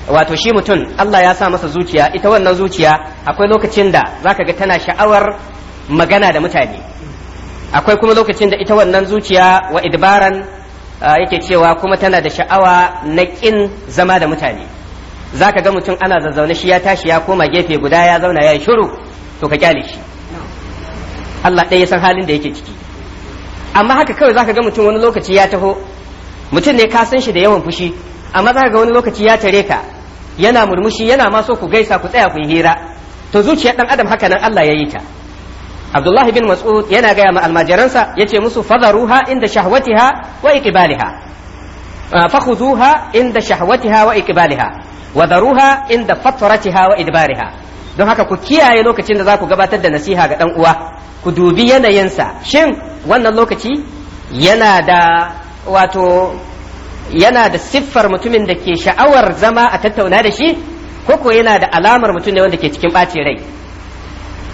wato shi mutum Allah ya sa masa zuciya ita wannan zuciya akwai lokacin da zaka ga tana sha'awar magana da mutane akwai kuma lokacin da ita wannan zuciya wa idbaran ah, yake cewa kuma tana da sha'awa na ƙin zama da mutane zaka ga mutum ana zazzaune shi ya tashi ya koma gefe guda ya zauna ya yi shiru to ka kyale shi Allah ɗaya ya san halin da yake ciki amma haka kawai zaka ga mutum wani lokaci ya taho mutum ne ka san shi da yawan fushi amma za ga wani lokaci ya tare ka yana murmushi yana ma so ku gaisa ku tsaya ku yi hira to zuciyar dan adam haka nan Allah ya yi ta Abdullahi bin Mas'ud yana gaya ma almajiransa yace musu fadaruha inda shahwatiha wa iqbaliha ah, fakhuzuha inda shahwatiha wa iqbaliha wa daruha inda fatratiha wa idbariha don haka ku kiyaye lokacin da za ku gabatar da nasiha ga dan uwa ku dubi yanayinsa shin wannan lokaci yana da wato yana da siffar mutumin da ke sha'awar zama a tattauna da shi ko ko yana da alamar mutum ne wanda ke cikin ɓacin rai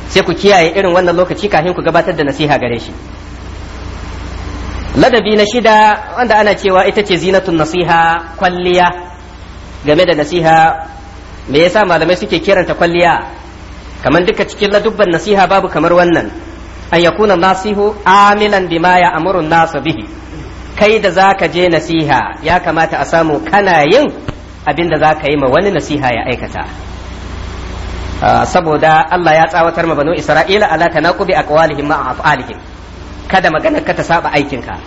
sai ku kiyaye irin wannan lokaci kafin ku gabatar da nasiha gare shi ladabi na shida wanda ana cewa ita ce zinatun nasiha kwalliya game da nasiha me yasa malamai suke kiranta kwalliya kamar duka cikin ladubban nasiha babu kamar wannan an yakuna nasihu amilan bima ya amurun nasu bihi kai da za ka je nasiha ya kamata a samu kana yin abin da za ka yi ma wani nasiha ya aikata ah, saboda Allah ya tsawatar ma banu Isra'ila ala tanaqubi aqwalihim ma af'alihim kada magana ka ta saba aikin ka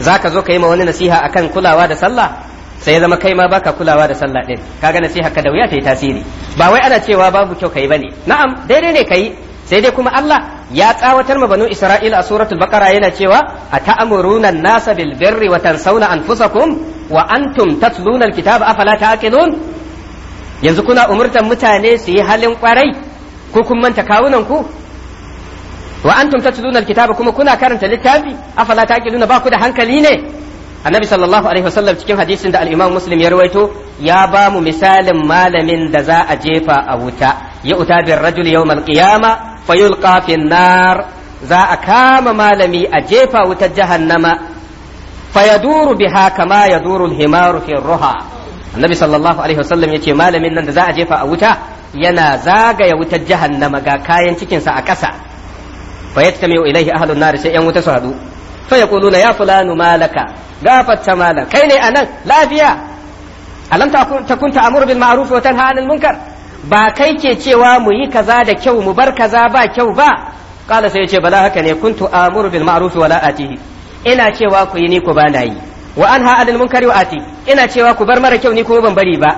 zaka zo ka yi ma wani nasiha akan kulawa da sallah sai ya zama kai ma baka kulawa da sallah din kaga nasiha ka da wuya ta yi tasiri ba wai ana cewa babu kyau kai bane na'am daidai ne kai sai dai kuma Allah ya tsawatar ma banu Isra'ila a suratul Baqara yana cewa a ata'muruna an-nasa bil birri wa tansawna anfusakum wa antum tatluna al-kitaba afala ta'qilun yanzu kuna umurtan mutane su yi halin kwarai ko kun manta kawunan ku wa antum tatluna al-kitaba kuma kuna karanta littafi afala ta'qiluna ba ku da hankali ne annabi sallallahu alaihi wasallam cikin hadisin da al-imam muslim ya ruwaito ya ba mu misalin malamin da za a jefa a wuta ya uta bin rajul yawmal qiyama fayulqa fin nar za a kama malami a jefa wutar jahannama fayaduru biha kama yaduru himaru fi ruha annabi sallallahu alaihi wasallam yace malamin nan da za a jefa a wuta yana zagaya wutar jahannama ga kayan cikinsa a ƙasa fayatkamiu ilaihi ahlun nar sai yan wuta su hadu fayaquluna ya fulanu malaka gafatta malam kai ne anan lafiya alam takun takunta amuru bil ma'ruf wa tanha 'anil munkar ba kai ke cewa mu yi kaza da kyau mu bar kaza ba kyau ba kala sai ce bala haka ne kuntu amuru bil ma'ruf wa la atihi ina cewa ku yi ni ku bana yi wa anha anil munkari wa ati ina cewa ku bar mara kyau ni kuma ban bari ba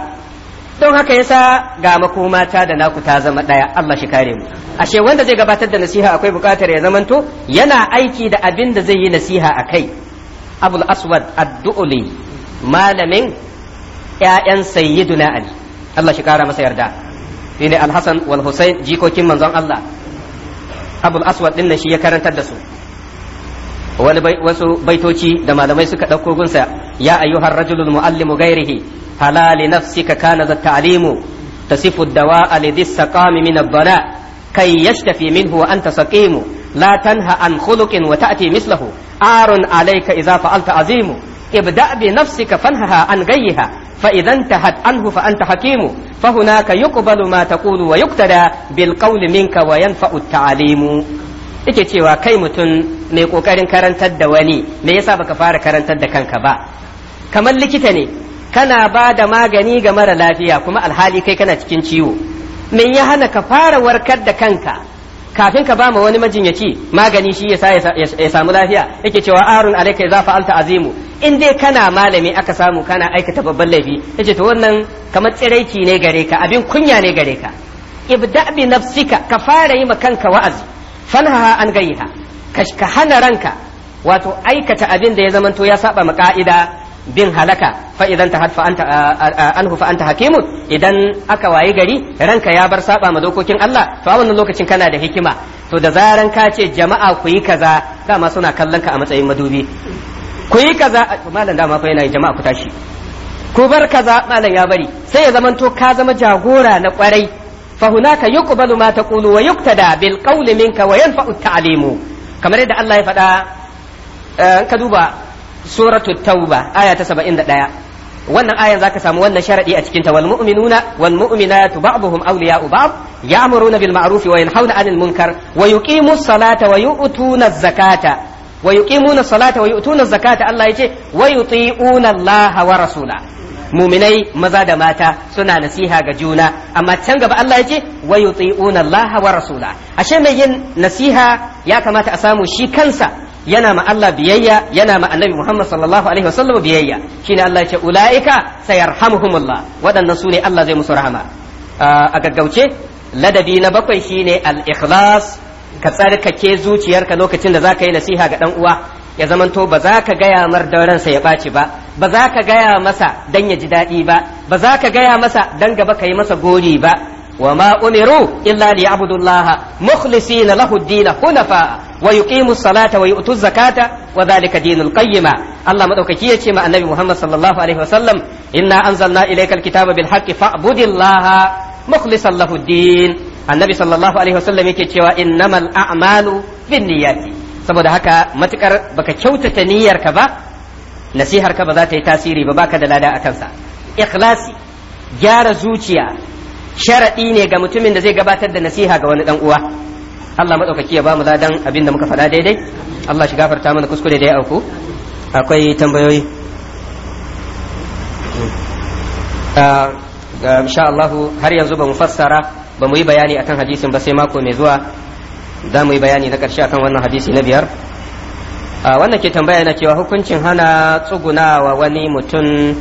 don haka yasa ga makoma ta da naku ta zama daya Allah shi kare mu ashe wanda zai gabatar da nasiha akwai bukatar ya zamanto yana aiki da abin da zai yi nasiha akai abul aswad ad-du'li malamin yayan sayyiduna ali Allah shi kara masa yarda shine al-Hasan wal jikokin manzon Allah Abul Aswad din nan shi ya karantar da su wani wasu baitoci da malamai suka ɗauko gunsa ya ayyuhar rajulul muallimu ghairihi halali nafsika kana za ta'limu tasifu dawa'a li disqami min ad-dala kay yashtafi minhu wa anta saqimu la tanha an khuluqin wa ta'ti mislahu arun alayka idza fa'alta azimu ibda' bi nafsika fanhaha an ghayyiha فإذا انتهت عنه فأنت حكيم فهناك يقبل ما تقول ويقتدى بالقول منك وينفع التعليم yake cewa kai mutum mai kokarin karantar da wani me yasa baka fara karantar da kanka ba kamar likita ne kana ba da magani ga mara lafiya kuma alhali kai kana cikin ciwo me ya hana ka fara warkar da kanka kafin ka ba ma wani majinyaci magani shi yasa ya samu lafiya yake cewa arun alaika za fa fa'alta azimu in dai kana malami aka samu kana aikata babban laifi yace to wannan kamar tsiraici ne gare ka abin kunya ne gare ka ibda bi nafsika ka fara yi kanka wa'azi fanha an gayha ka hana ranka wato aikata abin da ya zamanto ya saba ma ka'ida bin halaka fa idan ta hadfa anta anhu fa anta hakimun idan aka waye gari ranka ya bar saba ma dokokin Allah to a wannan lokacin kana da hikima to da zaran ka ce jama'a ku yi kaza dama suna kallon ka a matsayin madubi ku yi kaza malam dama fa yana jama'a ku tashi ku bar kaza malam ya bari sai ya zamanto ka zama jagora na kwarai fa hunaka yuqbalu ma taqulu wa yuktada bil qawli minka wa yanfa'u ta'limu kamar yadda Allah ya faɗa eh, ka duba suratu tauba aya ta 71 wannan ayan zaka samu wannan sharadi a cikin ta wal mu'minuna wal mu'minatu ba'dhum awliya'u ba'd ya'muruna bil ma'ruf wa yanhauna 'anil munkar wa yuqimus salata wa zakata wa yuqimuna salata wa zakata Allah yace wa yuti'una Allah wa rasula muminai maza da mata suna nasiha ga juna amma can gaba Allah yace ashe mai yin nasiha ya kamata a samu shi kansa yana ma Allah biyayya yana ma Annabi Muhammad sallallahu alaihi wasallam biyayya shine Allah ya ce ulaika sayarhamuhumullah waɗannan su ne Allah zai musu rahama a gaggauce ladabi na bakwai shine al-ikhlas ka tsarkake zuciyarka lokacin da zaka yi nasiha ga dan uwa ya zamanto ba za ka gaya mar ya ɓaci ba ba za ka gaya masa dan ya ji daɗi ba ba za ka gaya masa dan gaba ka yi masa gori ba وما أمروا إلا ليعبدوا الله مخلصين له الدين حنفاء ويقيموا الصلاة ويؤتوا الزكاة وذلك دين القيمة الله مدوكية مع النبي محمد صلى الله عليه وسلم إنا أنزلنا إليك الكتاب بالحق فاعبد الله مخلصا له الدين النبي صلى الله عليه وسلم يكي إنما الأعمال بالنيات saboda haka matukar baka kyautata niyyarka ba nasihar ka ba za ta yi tasiri ba baka da lada a kansa ikhlasi gyara zuciya sharaɗi ne ga mutumin da zai gabatar da nasiha ga wani dan uwa Allah madaukaki ya bamu ladan abin da muka faɗa daidai Allah shi gafarta mana kuskure da ya auku akwai tambayoyi ah, insha Allah har yanzu ba mu fassara ba mu yi bayani akan hadisin ba sai mako mai zuwa za mu yi bayani na ƙarshe akan wannan hadisi na biyar ah, wannan ke tambaya na cewa hukuncin hana tsugunawa wani mutum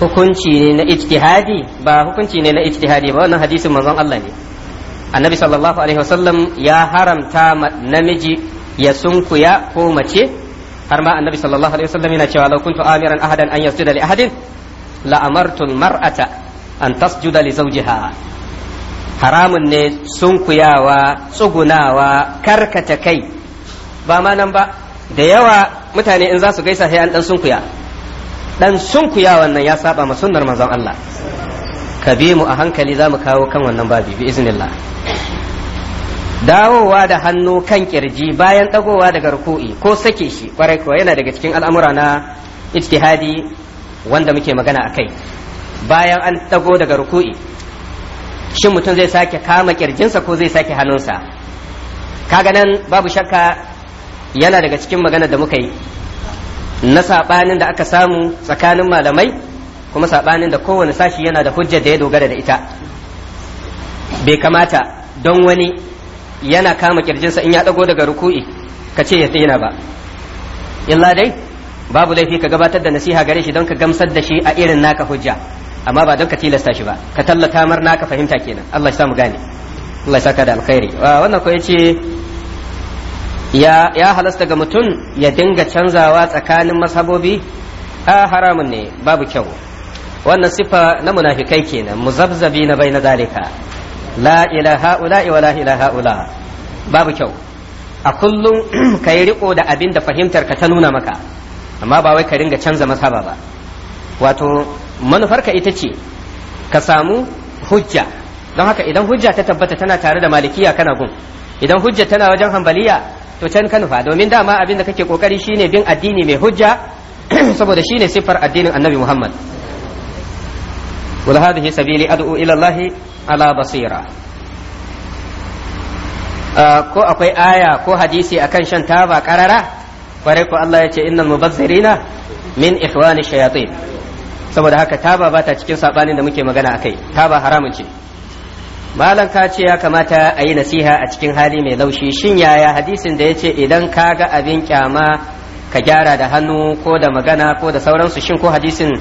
hukunci ne na ijtihadi ba hukunci ne na ijtihadi ba wannan hadisin manzon Allah ne annabi sallallahu alaihi wasallam ya haramta namiji ya sunkuya ko mace har ma annabi sallallahu alaihi wasallam yana cewa law kuntu amiran ahadan an yasjuda li ahadin la amartu mar'ata an tasjuda li zawjiha haramun ne sunkuyawa tsugunawa karkata kai ba ma nan ba da yawa mutane in za su gaisa sai an dan sunkuya dan sunkuya wannan ya saba ma sunnar manzon Allah ka bi mu a hankali za mu kawo kan wannan babi bi iznillah dawowa da hannu kan kirji bayan dagowa daga ruku'i ko sake shi kwarai kuwa yana daga cikin al'amura na ijtihadi wanda muke magana akai bayan an dago daga ruku'i shin mutum zai sake kama kirjinsa ko zai sake hannunsa kaga nan babu shakka yana daga cikin magana da muka yi na saɓanin da aka samu tsakanin malamai kuma saɓanin da kowane sashi yana da hujjar da ya dogara da ita bai kamata don wani yana kama kirjinsa in ya ɗago daga ruku'i ka ce ya tsina ba illa dai babu laifi ka gabatar da nasiha gare shi don ka gamsar da shi a irin naka hujja amma ba don ka tilasta shi ba ka tallata mar naka fahimta kenan Allah ya samu gane Allah ya saka da alkhairi wannan ko yace ya ya halasta ga mutum ya dinga canzawa tsakanin masabobi a haramun ne babu kyau wannan sifa na munafikai kenan muzabzabi na bai na dalika la ilaha ula wa la ilaha ula babu kyau a kullum [clears throat] ka yi riko da abin da fahimtar ka ta nuna maka amma ba wai ka ringa canza masaba ba wato manufarka ita ce ka samu hujja don haka idan hujja ta tabbata tana tare da malikiya kana gun idan hujja tana wajen hambaliya to can ka nufa domin dama abin da kake kokari shine bin addini mai hujja [clears throat] saboda shine siffar addinin annabi Muhammad wal hadhihi sabili ad'u ila Allah ala basira ah, ko akwai aya ko hadisi akan shan taba karara kware ko Allah ya ce innal mubazzirina min ikhwani shayatin saboda haka taba bata cikin sabanin da muke magana akai taba haramun ce malam ka ce ya kamata a yi nasiha a cikin hali mai laushi shin yaya hadisin da ya ce idan ka ga abin kyama ka gyara da hannu ko da magana ko da sauransu shin ko hadisin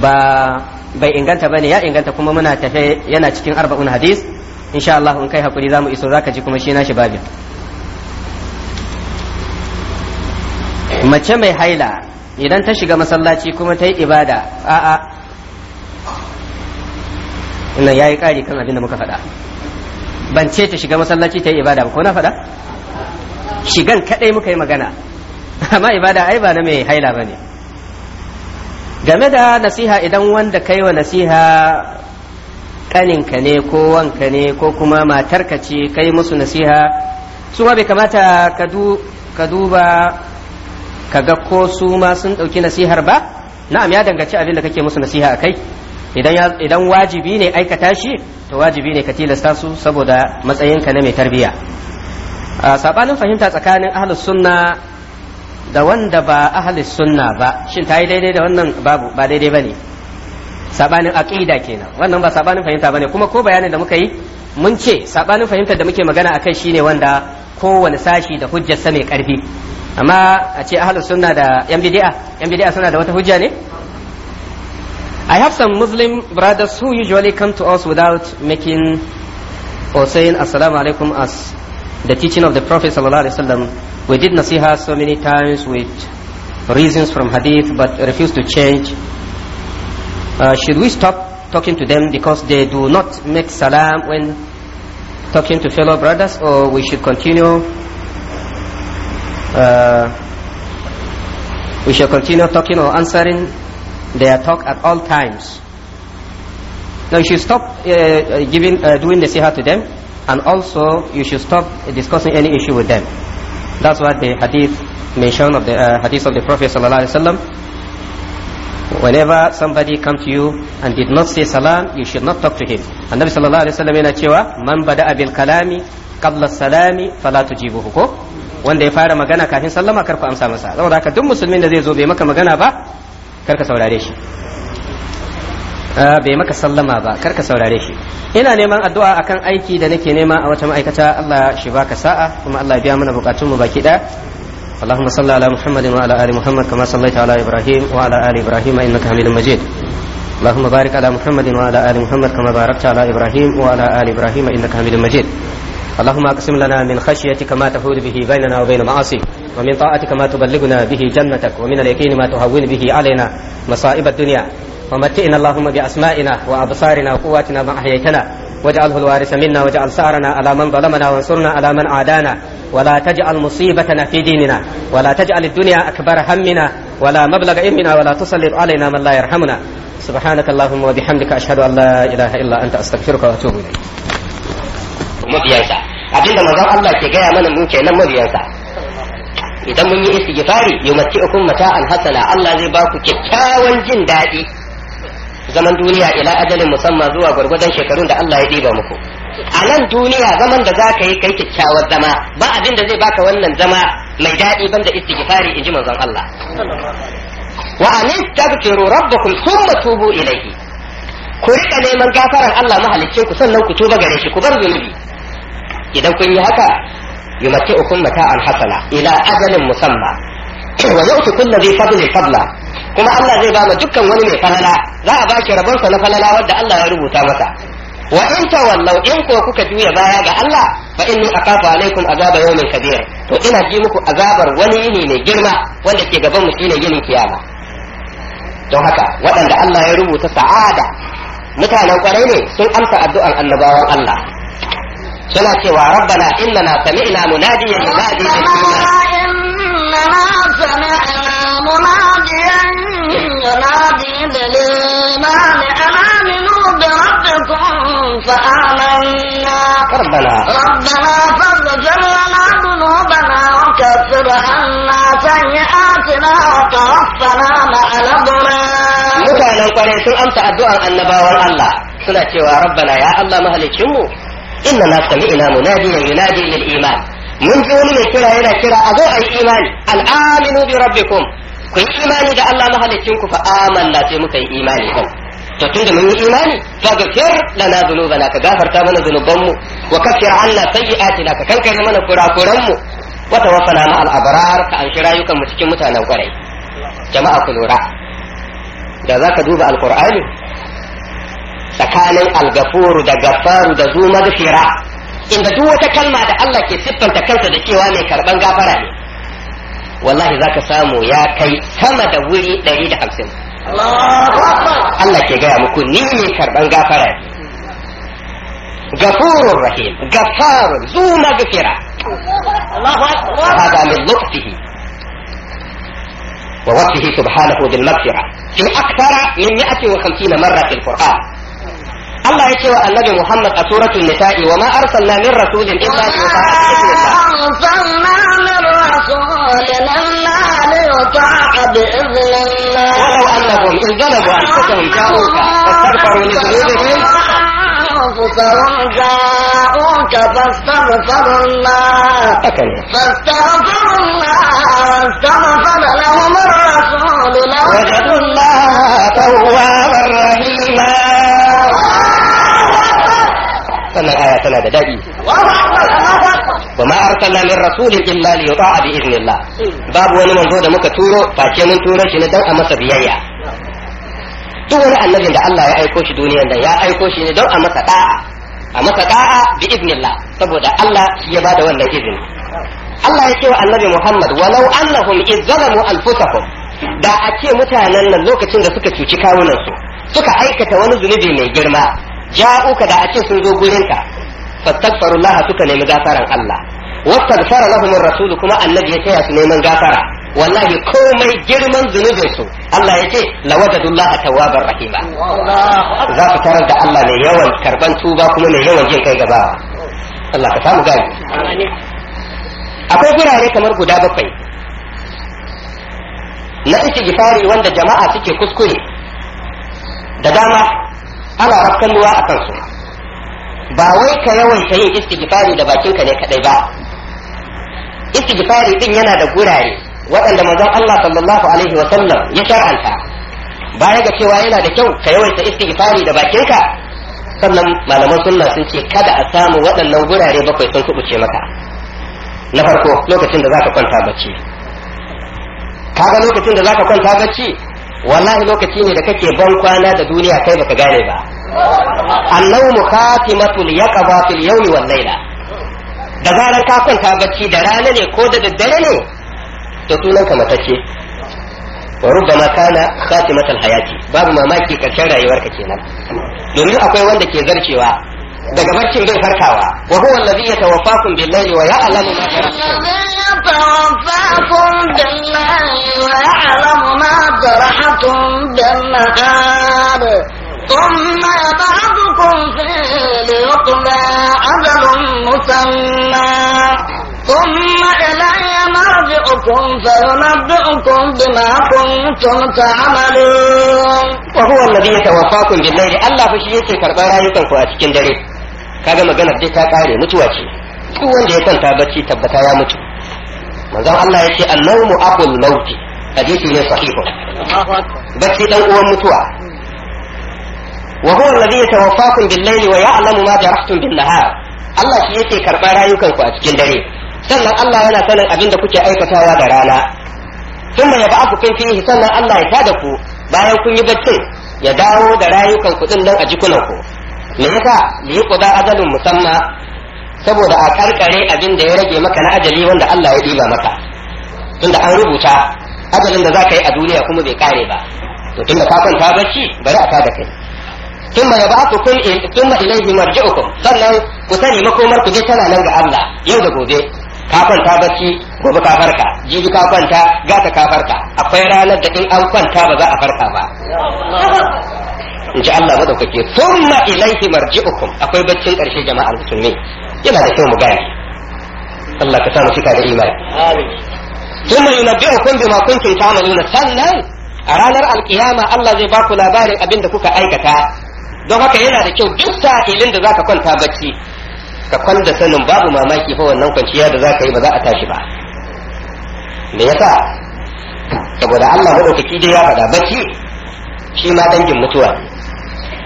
ba bai inganta bane ya inganta kuma muna tafe yana cikin arba'un hadis insha Allah in kai hakuri za mu iso za ka ji kuma shi nashi babin mace mai haila idan ta shiga masallaci kuma ta yi ibada a'a ya yi kari kan abin da muka faɗa ban ce ta shiga masallaci ta yi ibada ba ko na faɗa shigan kadai muka yi magana [laughs] amma ibada ai ba na mai haila bane game da nasiha idan wanda kai wa nasiha kaninka ne ko wanka ne ko kuma matarka ce kai musu nasiha su ma bai kamata ka duba ka ga ko su ma sun ɗauki nasihar ba na'am ya danganci abin da kake musu nasiha a kai idan wajibi ne aikata shi to wajibi ne ka tilasta su saboda matsayinka na mai tarbiya sabanin fahimta tsakanin ahlus sunna da wanda ba ahlus sunna ba shin ta yi daidai da wannan babu ba daidai bane sabanin aqida kenan wannan ba sabanin fahimta bane kuma ko bayanin da muka yi mun ce sabanin fahimtar da muke magana akan shi ne wanda kowane sashi da hujjar sa mai karfi amma a ce ahlus sunna da yan bid'a yan bid'a suna da wata hujja ne I have some Muslim brothers who usually come to us without making or saying Assalamu alaikum as the teaching of the Prophet sallallahu alaihi wasallam. We did nasiha so many times with reasons from hadith but refuse to change. Uh, should we stop talking to them because they do not make salam when talking to fellow brothers or we should continue uh, we shall continue talking or answering they talk at all times. Now you should stop uh, uh, giving, uh, doing the siha to them and also you should stop discussing any issue with them. That's what the hadith mentioned of the uh, hadith of the Prophet Whenever somebody comes to you and did not say salam, you should not talk to him. And Nabi sallallahu alaihi wasallam yana cewa man bada abil kalami qabla salami fala tujibuhu ko wanda ya fara magana kafin sallama kar ku amsa masa. Saboda haka duk musulmin da zai zo bai maka magana ba karka saurare shi ah, bai maka sallama ba karka saurare shi ina neman addu'a akan aiki da nake nema a wata ma'aikata Allah shi baka sa'a kuma Allah biya mana bukatun mu baki da اللهم صل على محمد وعلى ال محمد كما صليت على ابراهيم وعلى ال ابراهيم انك حميد مجيد ala بارك على محمد وعلى ال محمد كما ala على ابراهيم وعلى ال ابراهيم انك حميد مجيد اللهم اقسم لنا من خشيتك ما تفوز به بيننا وبين معاصيك ومن طاعتك ما تبلغنا به جنتك ومن اليقين ما تهون به علينا مصائب الدنيا ومتئنا اللهم بأسمائنا وأبصارنا وقواتنا ما أحييتنا واجعله الوارث منا واجعل سعرنا على من ظلمنا وانصرنا على من عادانا ولا تجعل مصيبتنا في ديننا ولا تجعل الدنيا أكبر همنا ولا مبلغ علمنا ولا تسلط علينا من لا يرحمنا سبحانك اللهم وبحمدك أشهد أن لا إله إلا أنت أستغفرك وأتوب إليك abinda manzon Allah ke gaya mana mu kenan mabiyansa idan mun yi istighfari yumati'ukum mata'an hasana Allah zai ba ku kyakkyawan jin daɗi zaman duniya ila ajalin musamman zuwa gwargwadon shekarun da Allah ya diba muku a nan duniya zaman da zaka yi kai kyakkyawar zama ba abin da zai baka wannan zama mai daɗi banda istighfari inji manzon Allah wa an istaghfiru rabbakum thumma tubu ilayhi ku rika neman gafaran Allah mahalicce ku sannan ku tuba gare shi ku bar zunubi idan kun yi haka ukunmata an hasana ila ajalin musamma wa yu'ti kulli dhi fadlin fadla kuma Allah zai ba dukkan wani mai falala za a baki rabon sa na falala wanda Allah ya rubuta masa wa in tawallau in ko kuka juya baya ga Allah fa inni akafu alaikum azaba yawmin kabir to ina ji muku azabar wani yini mai girma wanda ke gaban mu shine yinin kiyama don haka waɗanda Allah ya rubuta sa'ada mutanen kwarai ne sun amsa addu'ar annabawan Allah فلا سوى ربنا إننا سمعنا مناديا ينادي ربنا ربنا فرج لنا ذنوبنا وكفر عنا سيئاتنا وتوفنا مع الابرار. متى لو قريت انت الدعاء النبا والله سنتي وربنا يا الله مهلكمو inna ma sami'na munadiyan yunadi lil iman mun ji wani mai kira yana kira a zo a yi imani al'aminu bi rabbikum ku yi imani da Allah mahalicin ku fa amanna muka yi imani kan to tunda mun yi imani fa gafir lana dhunubana ka gafarta mana dhunubanmu wa kaffir anna sayyi'atina ka kankare mana kurakuranmu wa tawaffana ma al-abrar ka an kira mu cikin mutanen kwarai jama'a ku lura da zaka duba alqur'ani تكالي الغفور دا غفار دا زوما دا إن دا جوة كلمة دا الله كي سبا تكلت دا كيواني كربان غفراني والله ذاك سامو يا كي سما دا وري دا ريدا خمسين الله الله كي غير مكون نيني كربان غفراني غفور رحيم غفار زوما مغفرة الله أكبر هذا من لطفه ووصفه سبحانه ذي المغفرة في أكثر من 150 مرة في القرآن الله يكي النبي محمد أسورة النساء وما أرسلنا من رسول إلا ليطاع بإذن الله أرسلنا من رسول إلا ليطاع بإذن الله ولو أنهم إن جلبوا أنفسهم جاءوك فاستغفروا لذنوبهم فَسَوْفَ جَاءُكَ فَاسْتَغْفِرْ اللَّهَ فَاسْتَغْفِرْ اللَّهَ لهم لَهُ مَرَّةً لَوْ اللَّهَ تَوَّابَ الرَّحِيمُ wannan aya tana da daɗi wa ma arsalna min rasulin illa li yuta'a bi idnillah babu wani manzo da muka turo face mun turo shi ne dan a masa biyayya duk wani annabin da Allah ya aiko shi duniyar da ya aiko shi ne don a masa da'a a masa da'a bi idnillah saboda Allah shi ya bada wannan izini Allah ya ce wa annabi Muhammad walau annahum iz zalamu da a ce mutanen nan lokacin da suka cuci kawunan su suka aikata wani zunubi mai girma ja'uka da a ce sun zo gurinka fastaghfirullaha suka nemi gafaran Allah wastaghfara lahum ar-rasul kuma annabi ya taya su neman gafara wallahi komai girman zunubin su Allah ya ce lawadadullah tawwabar rahima za ku tarar da Allah ne yawan karban tuba kuma ne yawan jin kai gaba Allah ka samu gani akwai gurare kamar guda bakwai na istighfari wanda jama'a suke kuskure da dama ana rafkan luwa a kansu ba wai ka ta yin istighfari da bakinka ne kadai ba istighfari din yana da gurare waɗanda manzon Allah sallallahu alaihi wa sallam ya shar'anta baya ga cewa yana da kyau ka ta istighfari da bakinka sannan malaman sunna sun ce kada a samu waɗannan gurare bakwai sun kubuce maka na farko lokacin da zaka kwanta bacci kaga lokacin da zaka kwanta bacci wallahi lokaci ne da kake ban kwana da duniya kai baka gane ba annawmu mukatimatul yaqba fil wal layla da zarar ka kwanta bacci da rana ne ko da daddare ne to sunanka matacce wa rubbama kana khatimatul hayati babu mamaki karshen rayuwarka kenan domin akwai wanda ke zarcewa daga barcin bai farkawa wa huwa alladhi yatawaffakum bil layli wa ya'lamu ma Sau sa kun daina yanzu alamu na da rahoton daina. Kun na ya ba ku kun fya da yofina azabar musamman kun ku a cikin dare. kaga gama ganar dai ka tsara inutu aci. ya san ta tabbata ya mutu. manzon Allah yake annawmu aqul mauti hadisi ne sahihu bacci dan uwan mutuwa wa huwa alladhi yatawaffakum bil-layli wa ya'lamu ma jarahtum bin-nahar Allah shi yake karɓar rayukanku a cikin dare sannan Allah yana sanin abin da kuke aikatawa da rana tun da ya ba ku fihi sannan Allah ya tada ku bayan kun yi baccin ya dawo da rayukan ku din nan a jikunan ku me yasa li yuqda ajalun musamma saboda a karkare abin da ya rage maka na ajali wanda Allah ya ɗiba maka tunda an rubuta ajalin da za ka yi a duniya kuma bai kare ba to tunda ka kwanta bacci bari a kada kai ثم يبعثكم ثم إليه مرجعكم sannan ku sani makomar ku je tana nan ga Allah yau da gobe ka kwanta bacci gobe ka farka jibi ka kwanta gata ka farka akwai ranar da in an kwanta ba za a farka ba in ji Allah madaukake thumma ilaihi marji'ukum akwai baccin karshe jama'ar musulmi yana da kyau mu gane Allah ka samu cika da imani thumma yunabbi'ukum bima kuntum ta'maluna sannan a ranar alkiyama Allah zai baku labarin abin da kuka aikata don haka yana da kyau duk sa'ilin da zaka kwanta bacci ka kwanta sanin babu mamaki fa wannan kwanciya da zaka yi ba za a tashi ba me yasa saboda Allah madaukaki dai ya faɗa bacci shi ma dangin mutuwa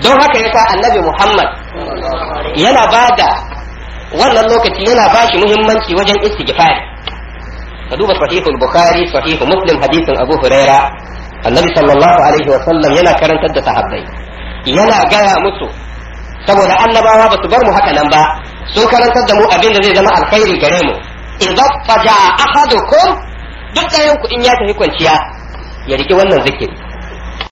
don haka yasa annabi Muhammad yana bada wannan lokaci yana ba shi muhimmanci wajen istighfari ka duba sahihul bukhari sahihu muslim hadisin abu huraira annabi sallallahu alaihi sallam yana karantar da sahabbai yana gaya musu saboda annabawa ba su bar mu haka nan ba sun karantar da mu abin da zai zama alkhairi gare mu idza faja'a ahadukum duk ɗayan ku in ya tafi kwanciya ya riki wannan zikiri